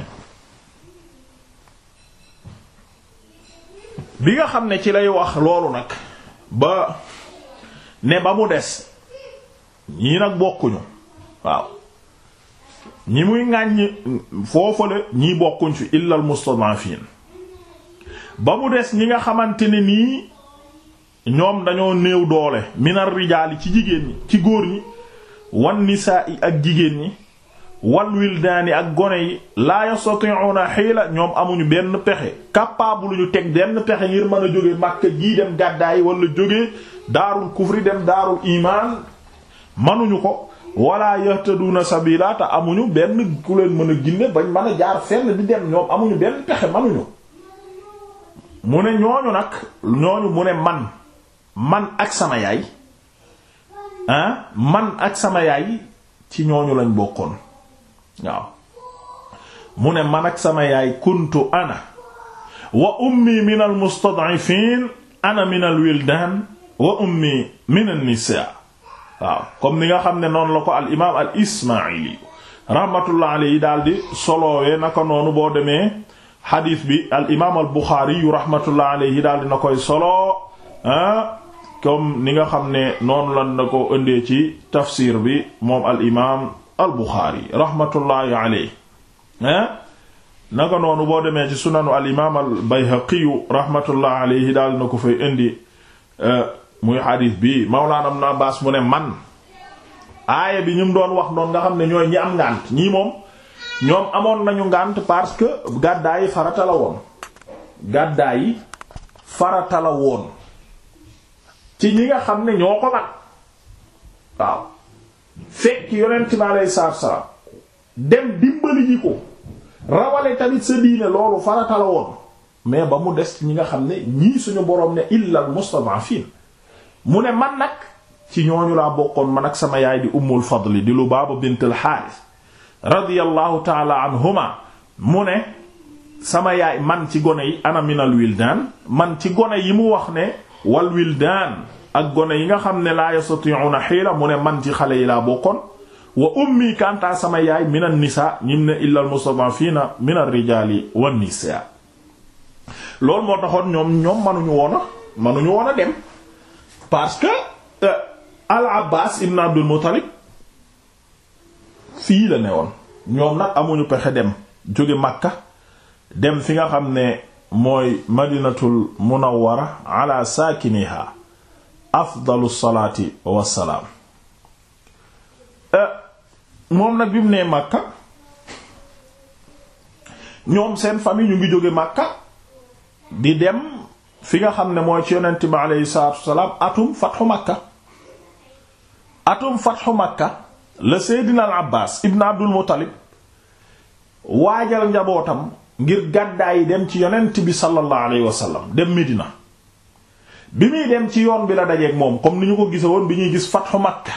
bi nga xam ne ci lay wax loolu nag ba ne ba mu des ñii nag bokkuñu waaw ñi muy ŋàññ foofale ñii bokkuñ fi illal mustadafin ba mu des ñi nga xamante ne nii ñoom dañoo néew doole minar rijaali ci jigéen ñi ci góor ñi wan nisaa yi ak jigéen ñi wan wildaani ak gone yi laa yastati'una xiila ñoom amuñu benn pexe capable ñu teg benn pexe ngir mën a jóge Makka jii dem gàddaay walla jóge daarul kufri dem daaru imaan manuñu ko walla yahtaduna sabila te amuñu benn ku leen mën a ginde bañ mën a jaar fenn di dem ñoom amuñu benn pexe manuñu mu ne ñooñu nag ñooñu mu ne man man ak sama yaay ah, man ak sama yaay ci ñooñu lañ bokkoon waaw mu ne man ak sama yaay kuntu ana wa ummi min al mustad'ifin ana min al wildan wa ummi min an nisa waaw comme ni nga xam ne noonu la ko al imaam al ismaili rahmatullah alayhi daal di solowee naka noonu boo demee xadiis bi al imaam al buxaari yu rahmatullah alayhi daal di na koy solo ah, comme ni nga xam ne noonu lan na ko ëndee ci tafsir bi moom al imaam al buxaari rahmatullahi aleyhi eh? naka noonu boo demee ci sunanu al imaam al bayhaqiyu rahmatullahi aleyhi daal na ko fay indi eh, muy xadiis bi mawlaana ibn abbaas mu ne man aaya bi ñu doon wax noonu nga xam ne ñooy ñi am ngànt ñii moom ñoom amoon nañu ngànt parce que gàddaay farata la woon gàddaay farata woon ci ñi nga xam ne ñoo ko man waaw fekk yonent bi aleyhi salaatu salaam dem dimbali ji ko rawale tamit sa diine loolu farata la woon mais ba mu des ci ñi nga xam ne ñii suñu boroom ne illal mustad'afiin mu ne man nag ci ñooñu laa bokkoon man ak sama yaay di ummul fadli di Lubaaba bintul Haaris radiyallahu taala anhuma mu ne sama yaay man ci gone yi ana minal wildaan man ci gone yi mu wax ne wal wildaan ak gone yi nga xam ne laa yastati'una xiila mu ne man ci xale yi laa bokkoon wa ummi kantaa sama yaay min an nisa ñim ne illa al mustad'afina min ar rijali wan nisa loolu moo taxoon ñoom ñoom manuñu woon a manuñu woon a dem parce que euh, al abbas ibn abdul muttalib fii la ne woon ñoom nag amuñu pexe dem jóge makka dem fi nga xam ne mooy madinatul munawwara ala saakiniha afdalu salaati wassalaam eh, moom nag bi mu Makka ñoom seen famille ñu ngi jóge Makka di dem fi nga xam ne mooy ci yonent bi aleyhi salaatu wassalaam atum fatxu Makka atum fatxu Makka la Seydina Abbaas ibn Abdul Muttalib waajal njabootam ngir gàddaay yi dem ci yonent bi sallallahu alayhi wasallam dem Medina bi muy dem ci yoon bi la dajeeg moom comme ni ñu ko gisa woon bi ñuy gis fatxu Makka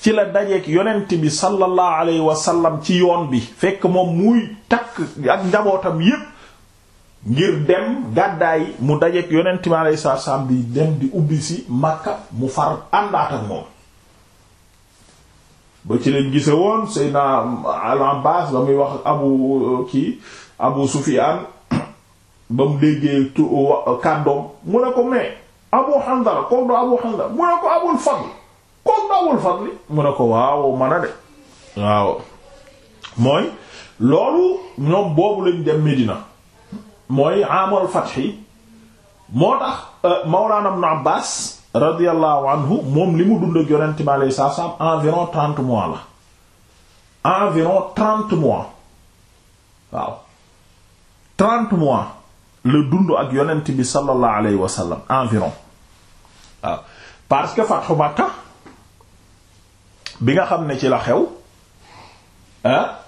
ci la dajeeg yonent bi sallallahu alayhi wasallam ci yoon bi fekk moom muy takk ak njabootam yëpp ngir dem gàddaay mu dajeeg yonent bi alayhi salaam di dem di ubbi si Makka mu far àndaat ak moom ba ci lañ gise woon Seydina al-Abbas ba muy wax abu euh, kii abu Sufyaan ba mu déggee tu kàddoom mu ne ko mais abu Handala koog do abu Handala mu ne ko abul Fadl koog do abul Fadl mu ne ko waaw mën a de waaw mooy loolu ñoom boobu lañ dem Medina mooy amal fathi moo tax euh, Mawlaana Ibn Abbaas radiyallahu anhu moom li mu dund ak yonent bi alayhi salaam environ trente mois la environ trente mois waaw trente mois la dund ak yonent bi sallallahu alayhi wa sallam environ waaw parce que fathu Makka bi nga xam ne ci la xew ah,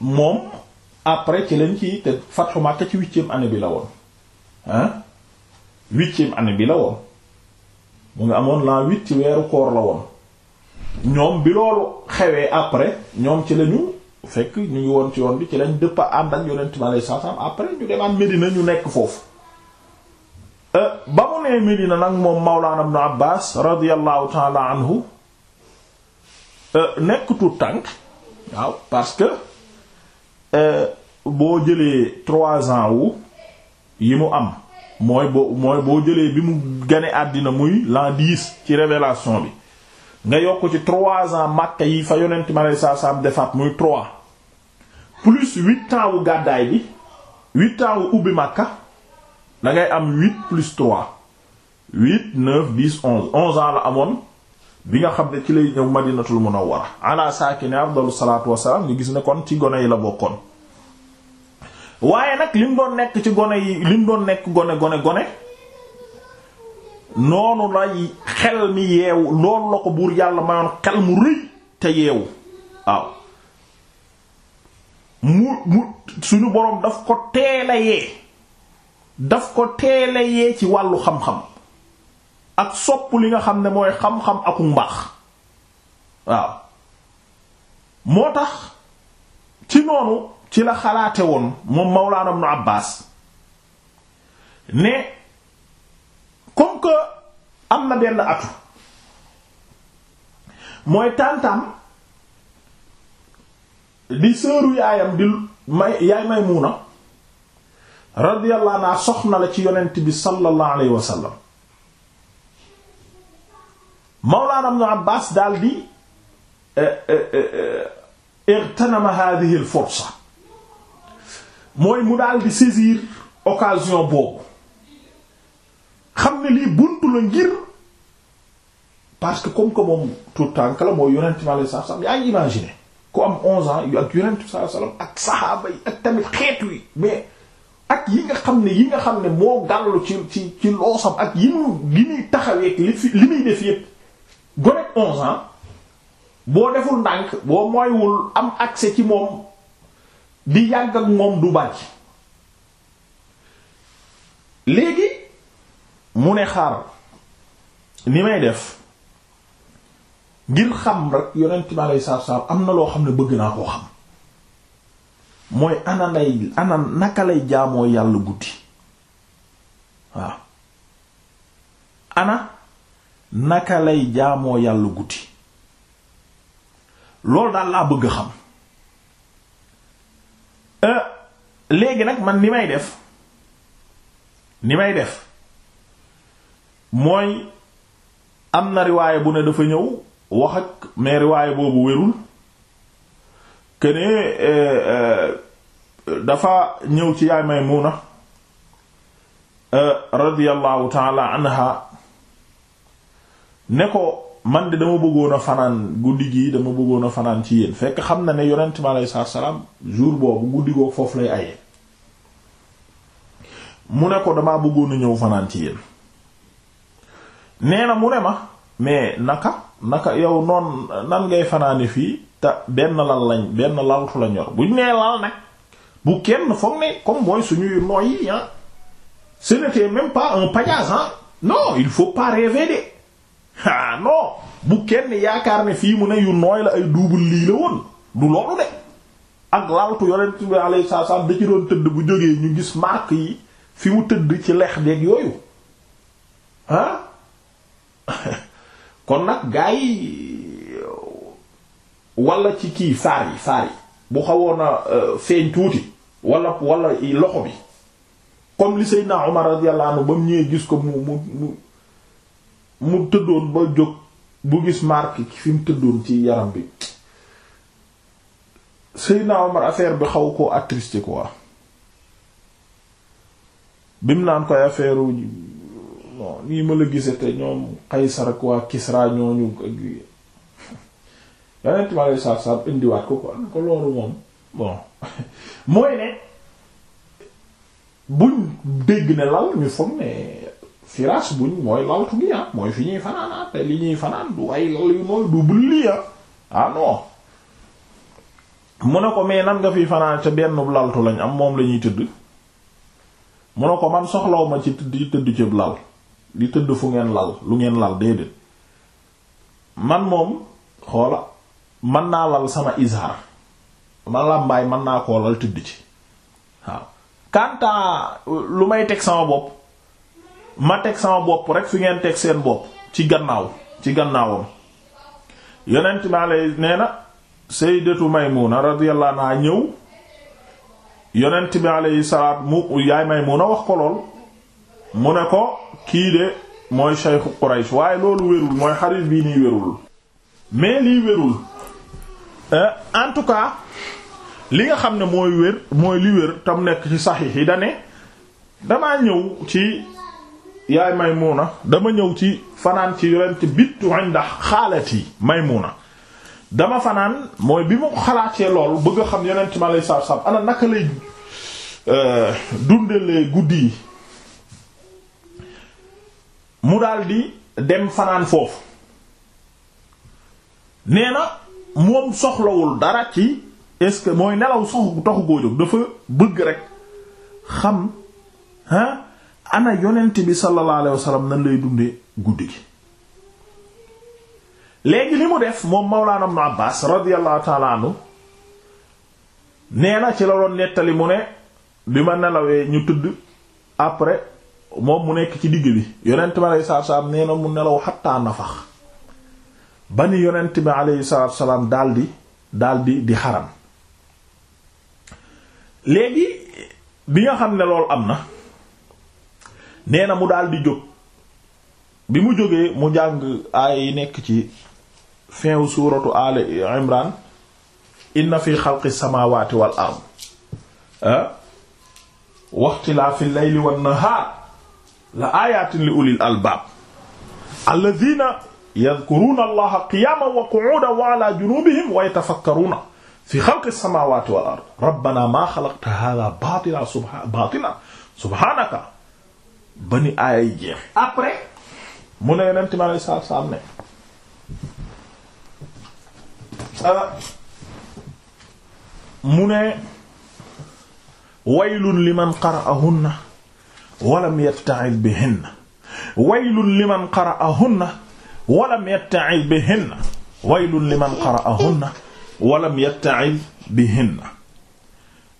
moom après ci lañ ci te fathu Makka ci huitième année bi la woon ah huitième année bi la woon. mu ngi amoon l'an huit ci weeru koor la woon ñoom bi loolu xewee après ñoom ci lañu fekk ñu ngi woon ci yoon bi ci lañ dëpp ànd ak yonent mi alayhi salaam après ñu demaan Medina ñu nekk foofu euh, ba mu nee Medina nag moom Mawlana Ibn Abbas radiyallahu ta'ala anhu euh, nekk tout tànk waaw parce que euh, boo jëlee trois ans wu yi mu am mooy boo mooy boo jëlee bi mu gane àddina muy l'an dix ci révélation bi nga yokk ci trois ans Makka yi fa yonent ma lay saa saam defaat muy trois plus huit tant wu gàddaay bi huit tant wu ubbi Makka dangay am huit plus trois huit neuf dix onze onze ans la amoon bi nga xam ne ci lay ñëw Madinatul Munawwara ala saakini afdalu salaatu wassalaam ñu gis ne kon ci gone yi la bokkoon. waaye nag lim doon nekk ci gone yi lim doon nekk gone gone gone noonu la xel mi yeewu loolu la ko buur yàlla mayoon xel mu rëy te yeewu waaw mu mu suñu boroom daf ko teel yee daf ko teel a yee ci wàllu xam-xam ak sopp li nga xam ne mooy xam-xam aku mbaax waaw moo tax ci noonu ci la xalaate woon moom Mawlaana Ibnu Abbaas ne comme que am na benn atu mooy tàntam di sëru yaayam di may yaay Maymuna radiyallahu anha soxna la ci yonent bi sallallahu alayhi wa sallam Mawlaana Ibnu Abbaas daal di eh, eh, eh, igtanama hadhihi al-fursa mooy mu daal di saisir occasion boobu xam ne lii buntu la ngir parce que comme que moom tout temps la mooy yonent mi alayhi salaam yaa ngi imaginer ku am 11 ans ak yonent bi ak saxaaba yi ak tamit xeetu yi yi xam ne yi nga xam ne moo gàllu ci ci ci ak yi mu muy taxawee li li muy def yépp gone 11 ans boo deful ndànk boo mooywul am accès ci moom. di yàgg ak moom du bari léegi mu ne xaar ni may def ngir xam rek yonent mi aleyhi salaatu salaam am na loo xam ne bëgg naa koo xam mooy ana naka lay jaamoo yàlla guddi waaw ana naka lay jaamoo yàlla guddi loolu daal laa bëgg xam léegi nag man ni may def ni may def mooy am na riwaaya bu ne dafa ñëw wax ak mais riwaaya boobu wérul que euh, euh, dafa ñëw ci yaay Maymuna euh, radiyallahu ta'ala anha ne ko man de dama bëggoon a fanaan guddi gii dama bëggoon a fanaan ci yéen fekk xam na ne yonent mi alayhi salaatu salaam jour boobu guddi googu foofu lay ayee mu ne ko damaa bëggoon a ñëw fanaan ci yéen nee na mu ne ma mais naka naka yow noon nan ngay fanaani fii te benn lal lañ benn laltu la ñor buñ nee lal nag bu kenn foog ne comme mooy suñuy noyyi ah ce n'était même pas un il faut pas rêver de ah non bu kenn yaakaar ne fii mu ne yu nooy la ay duubul lii la woon du loolu de ak laltu yonent bi alayhi da ci doon tëdd bu jógee ñu gis marque yi fi mu tëdd ci lex deeg yooyu ah kon nag gaa yi euh, wala ci kii faar yi faar yi bu xawoon a euh, feeñ tuuti wala wala loxo bi comme li Seydina Omar radiyallahu anhu ba mu ñëwee gis ko mu mu mu mu tëddoon ba jóg bu gis marque fi tëddoon ci yaram bi Seydina Omar affaire bi xaw koo attristé quoi bim naan koy affaire nii ma la gisee te ñoom Qaysar ak waa Kisra ñooñu yeneen tubaab yi saab saab indiwaat ko quoi ko loolu moom bon mooy ne buñ dégg ne lal ñu foog ne. firaas buñ mooy laltu gi ah mooy fi ñuy fanaan ah, te li ñuy fanaan du ay lal yu nooy du bul lii ah ah mu ne ko mais nan nga fi fanaan ca benn laltu lañ am moom la ñuy tëdd mu ne ko man soxlaw ma ci di tëdd ci lal di tëdd fu ngeen lal lu ngeen lal déedéet man moom xoola man naa lal sama izar ma làmbaay man naa koo lal tëdd ci waaw kanta lu may teg sama bopp ma teg sama bopp rek fi ngeen teg seen bopp ci gannaaw ci gannaawam yonent bi alay nee na sayyidatu Maymuna radiyallahu anha ñëw yonent bi aleyhi salaat mu yaay Maymuna wax ko lool mu ne ko kii de mooy shaykhu Quraysh waaye loolu wérul mooy xarit bii nii wérul mais lii wérul eh, en tout cas li nga xam ne mooy wér mooy li wér tam nekk ci saxiix yi dane damaa ñëw ci yaay Maymuna dama ñëw ci fanaan ci yonent bittu inda xaalati Maymuna dama fanaan mooy bi mu xalaatee loolu bëgg a xam yonent ma lay saab saab ana naka lay euh, dundalee guddi yi mu dal di dem fanaan foofu nee na moom soxlawul dara ci est-ce que mooy nelaw sox taxu koo jóg dafa bëgg rekk xam ana yonent bi sallallahu alayhi wasallam nan lay dundee guddi gi léegi li mu def moom Mawlaana Ibn Abbaas radiyallahu ta'ala anhu nee na ci la doon nettali mu ne bi ma nelawee ñu tudd après moom mu nekk ci digg bi yonent bi alayhi salaatu salaam nee na mu nelaw xattaa nafax ba ni yonent bi alayhi salaatu salaam daldi daldi di xaram léegi bi nga xam ne lool am na nee na mu daal di jóg bi mu jógee mu jàng aaya yi nekk ci fin wu suuratu ali imran inna fi xalqi samawati wal ard ah, waxtilaafi layli wan nahaar la ayatin li ulil albaab alladina yadkuruuna allaha qiyaman wa qu'uudan wa ala junubihim wa yatafakkaruuna fi xalqi samawati wal ard rabbana ma xalaqta hada batila subhanaka ba ni aaya yi jeex après mu ne yonent mi aleyhi salaatu salaam ne ah, mu ne waylun liman qara'ahunna walam yatta'iz bihinna waylun liman qara'ahunna walam yatta'iz bihinna waylun liman qara'ahunna walam yatta'iz bihinna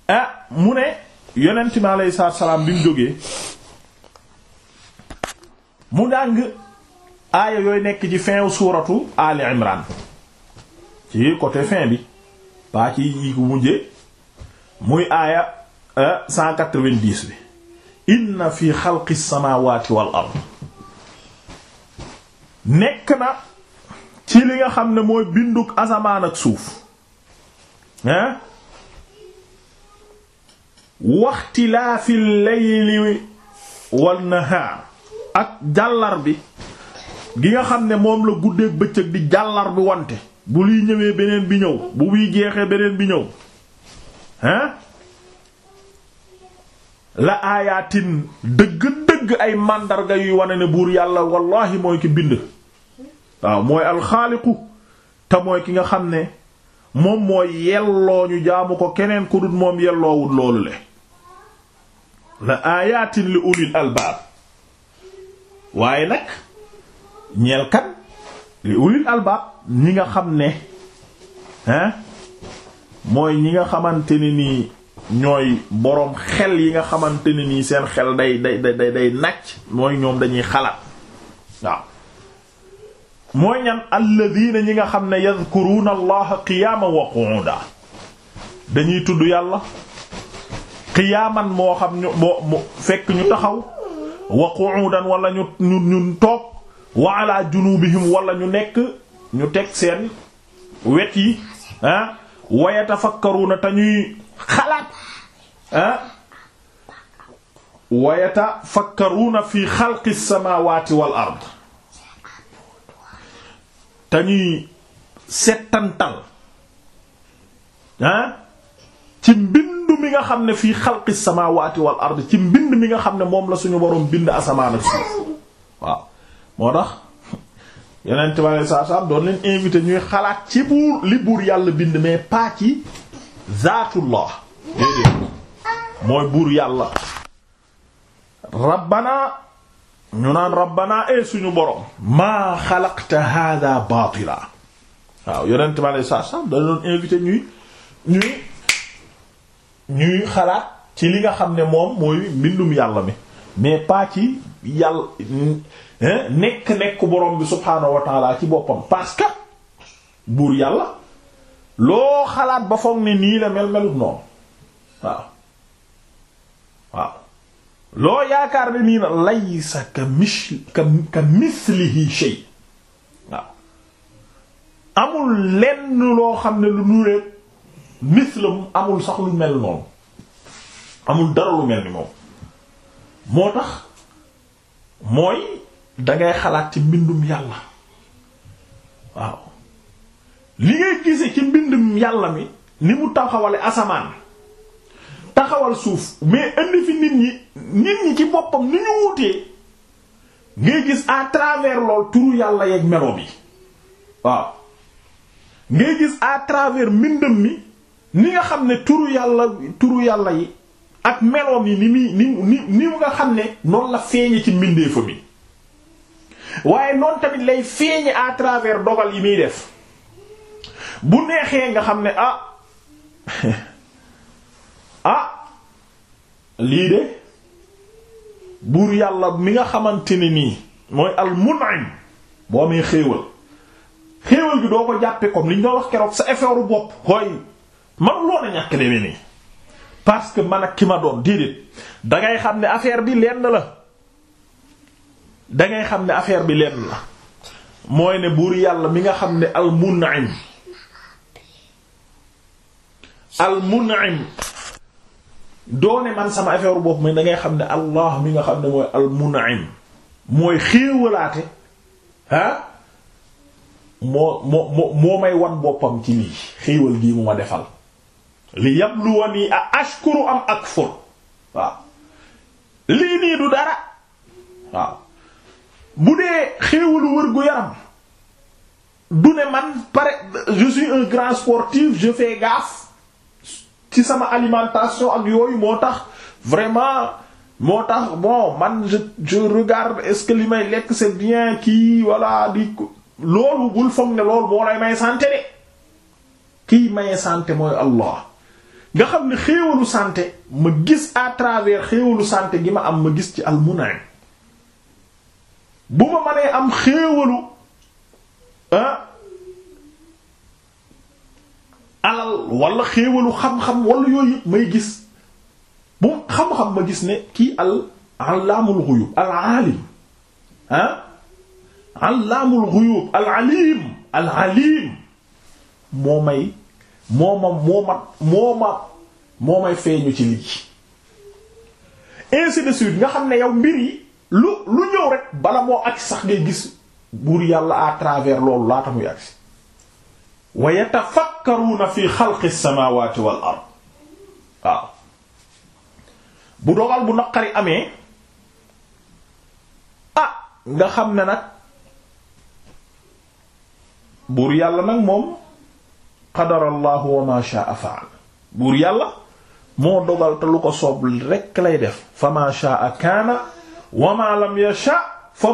ah mu ne yonent mi aleyhi salaatu salaam bi mu jógee mu dàng aaya yooyu nekk ci fin wu suuratu Ali Imran ci côté fin bi pas ci yi ko mujjee muy aaya 190 eh, bi inna fi xalqi samawati wal ard nekk na ci li nga xam ne mooy bindug asamaan ak suuf hein eh? waxtilaafi layli wal nahaar ak jàllar gi nga xam ne moom la guddeeg bëccëg di jàllar bi wante bu liy ñëwee beneen bi ñëw bu buy jeexee beneen bi ñëw hein la aayatin dëgg-dëgg ay màndarga yuy wane ne buur yàlla wallahi mooy ki bind waaw mooy alxaaliqu te ki nga xam ne moom mooy yelloo ñu jaamu ko keneen ku dul moom yelloowul loolu le waaye nag ñeel kat li ulil albaab ñi nga xam ne hein mooy ñi nga xamante ni nii ñooy boroom xel yi nga xamante ne nii seen xel day day day day nàcc mooy ñoom dañuy xalaat waaw mooy ñan alladina ñi nga xam ne yadhkuruna allaha qiyaman wa qu'uda dañuy tudd yàlla qiyaman moo xam ñu fekk ñu taxaw wa qu'udan wala ñu ñu ñun toog wa ala junubihim wala ñu nekk ñu teg seen wet yi ah wa yatafakkaruna te ñuy xalaat ah wa yatafakkaruna fi xalqi samawati wal ard te ñuy settantal ah, ci mbind mi nga xam ne fii xalqi samawati waa ard ci mbind mi nga xam ne moom la suñu borom bind asamaan ak suuf waaw moo tax yeneen tamit saa saa doon leen invité ñuy xalaat ci buur yàlla bind mais pas ci zaatullah yàlla. rabbana ñu naan rabbana e suñu borom. maa xalaqta haadaa baatila waaw yeneen tamit saa saa doon leen invité ñuy ñuy. ñuy xalaat ci li nga xam ne moom mooy mbindum yàlla mi mais paa ci yàlla nekk nekk borom bi subhaanahu ci boppam parce buur yàlla loo xalaat ba foog ne nii la mel melut noonu waaw waaw loo yaakaar ne nii na laysa ka mis ka ka mislihi shay waaw amul lenn loo xam ne lu nuréeg mislam amul sax lu mel noonu amul dara lu mel ni moom moo tax mooy dangay xalaat ci mbindum yàlla waaw li ngay gise ci mbindum yàlla mi ni mu taxawale asamaan taxawal suuf mais indi fi nit ñi nit ñi ci boppam ni ñu wutee ngay gis à travers lool turu yàlla yeeg melo bi waaw ngay gis à mbindam mi ni nga xam ne turu yàlla turu yàlla yi ak meloom yi ni muy ni ni nga xam ne noonu la feeñe ci mbindeefa mi waaye noonu tamit lay feeñe à travers dogal yi muy def bu neexee nga xam ne a ah, ah lii de buur yàlla mi nga xamante ne nii mooy al mun'im boo amee xéewal xéewal bi doo ko jàppe comme li ñu wax keroog sa effort bopp. koy man loon ñàkk demee nii parce que man ak ki ma doon déedéet dangay xam ne affaire bi lenn la dangay xam ne affaire bi lenn la mooy ne buur yàlla mi nga xam ne al mun'im al mun'im doone man sama affaire bopp mais dangay xam ne allah mi nga xam ne mooy al mooy xéewalaate ah, moo moo moo may wan boppam ci lii xéewal gii mu ma defal li yabluwani a ashkuru am ak akfur waaw lii nii du dara waaw bu dee xéewalu wër gu yaram du ne man pare je suis un grand sportif je fais gaffe ci sama alimentation ak yooyu moo tax vraiment moo tax moo man je je regarde est-ce lekk c'est bien kii walla di loolu bul foog ne loolu moo lay may santé de kii maye santé mooy Allah nga xam ne xéewalu santé ma gis à travers xéewalu santé gi ma am ma gis ci almun'im bu ma mënee am xéewalu ah alal wala xéewalu xam-xam wala yooyu may gis bu xam-xam ma gis ne kii al allaamul ah, ghuyub al alim al alim moo may moo ma moo ma moo ma moo may feeñu ci lii ainsi de suite nga xam ne yow mbir yi lu lu ñëw rek bala moo agsi sax ngay gis buur yàlla à travers loolu laata muy agsi wa yatafakkaruna fi xalqi samawati wal ard waaw bu dogal bu naqari amee ah nga xam ne nag buur yàlla nag moom qadarallahu wa ma sha'a fa'al buur yàlla moo dogal te lu ko soob rekk lay def fa ma sha'a kaana wa ma lam yasha sha'a fa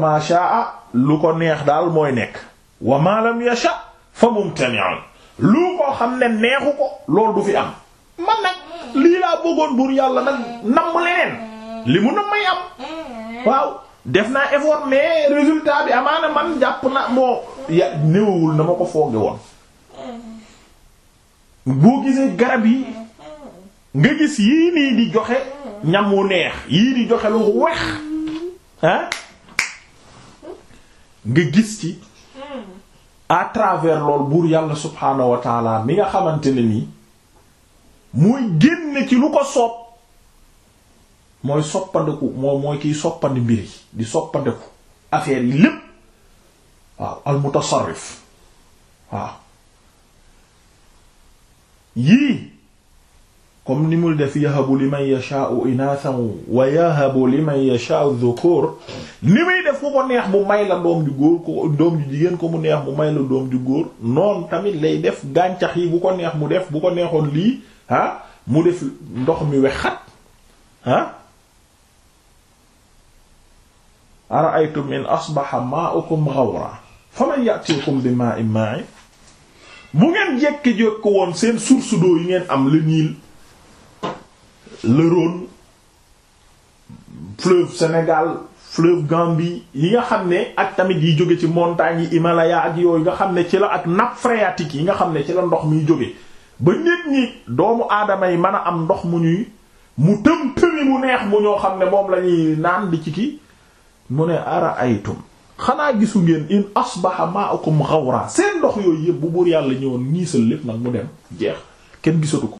ma sha'a lu ko neex daal mooy nekk wa ma xam ne neexu ko loolu du fi am man nag lii laa bëggoon buur yàlla nag namm leneen li mu nam may am waaw def naa effort mais résultat bi amaana man jàpp na moo ya néewul na ma ko fooge woon boo gisee garab yi nga gis yii nii di joxe ñam wu neex yii di joxe lu weex ah nga gis ci à travers lool buur yàlla subhaanahu wa mi nga xamante ne nii muy génn ci lu ko soob mooy soppandeku moom mooy kiy soppandi mbir yi di soppandeku affaire yi lépp waaw al waaw yii comme ni muy def yahabu liman yasha'u inathan wa yahabu liman yasha'u dhukur ni muy def ku ko neex mu may la doom ju góor ko doom ju jigéen ko mu neex mu may la doom ju góor noonu tamit lay def gàncax yi bu ko neex mu def bu ko neexoon lii ah mu def ndox mi wexat ah ara'aytum in asbaha ma'ukum ghawra faman ya'tikum bima'in ma'i bu ngeen jékki-jékki woon seen source d'eau yi ngeen am le Nil le Rhône fleuve Sénégal fleuve Gambie yi nga xam ne ak tamit yi jóge ci montagnes yi Himalaya ak yooyu nga xam ne ci la ak nappe phréatique yi nga xam ne ci la ndox miy jóge ba nit ñi doomu aadama yi mën a am ndox mu ñuy mu tëm tëmi mu neex mu ñoo xam ne moom la ñuy naan di ci ki mu ne ara aytum xanaa gisu ngeen in asbaha ma'ukum ghawra seen ndox yooyu yëpp bu buur yàlla ñëwoon niisal lépp nag mu dem jeex kenn gisatu ko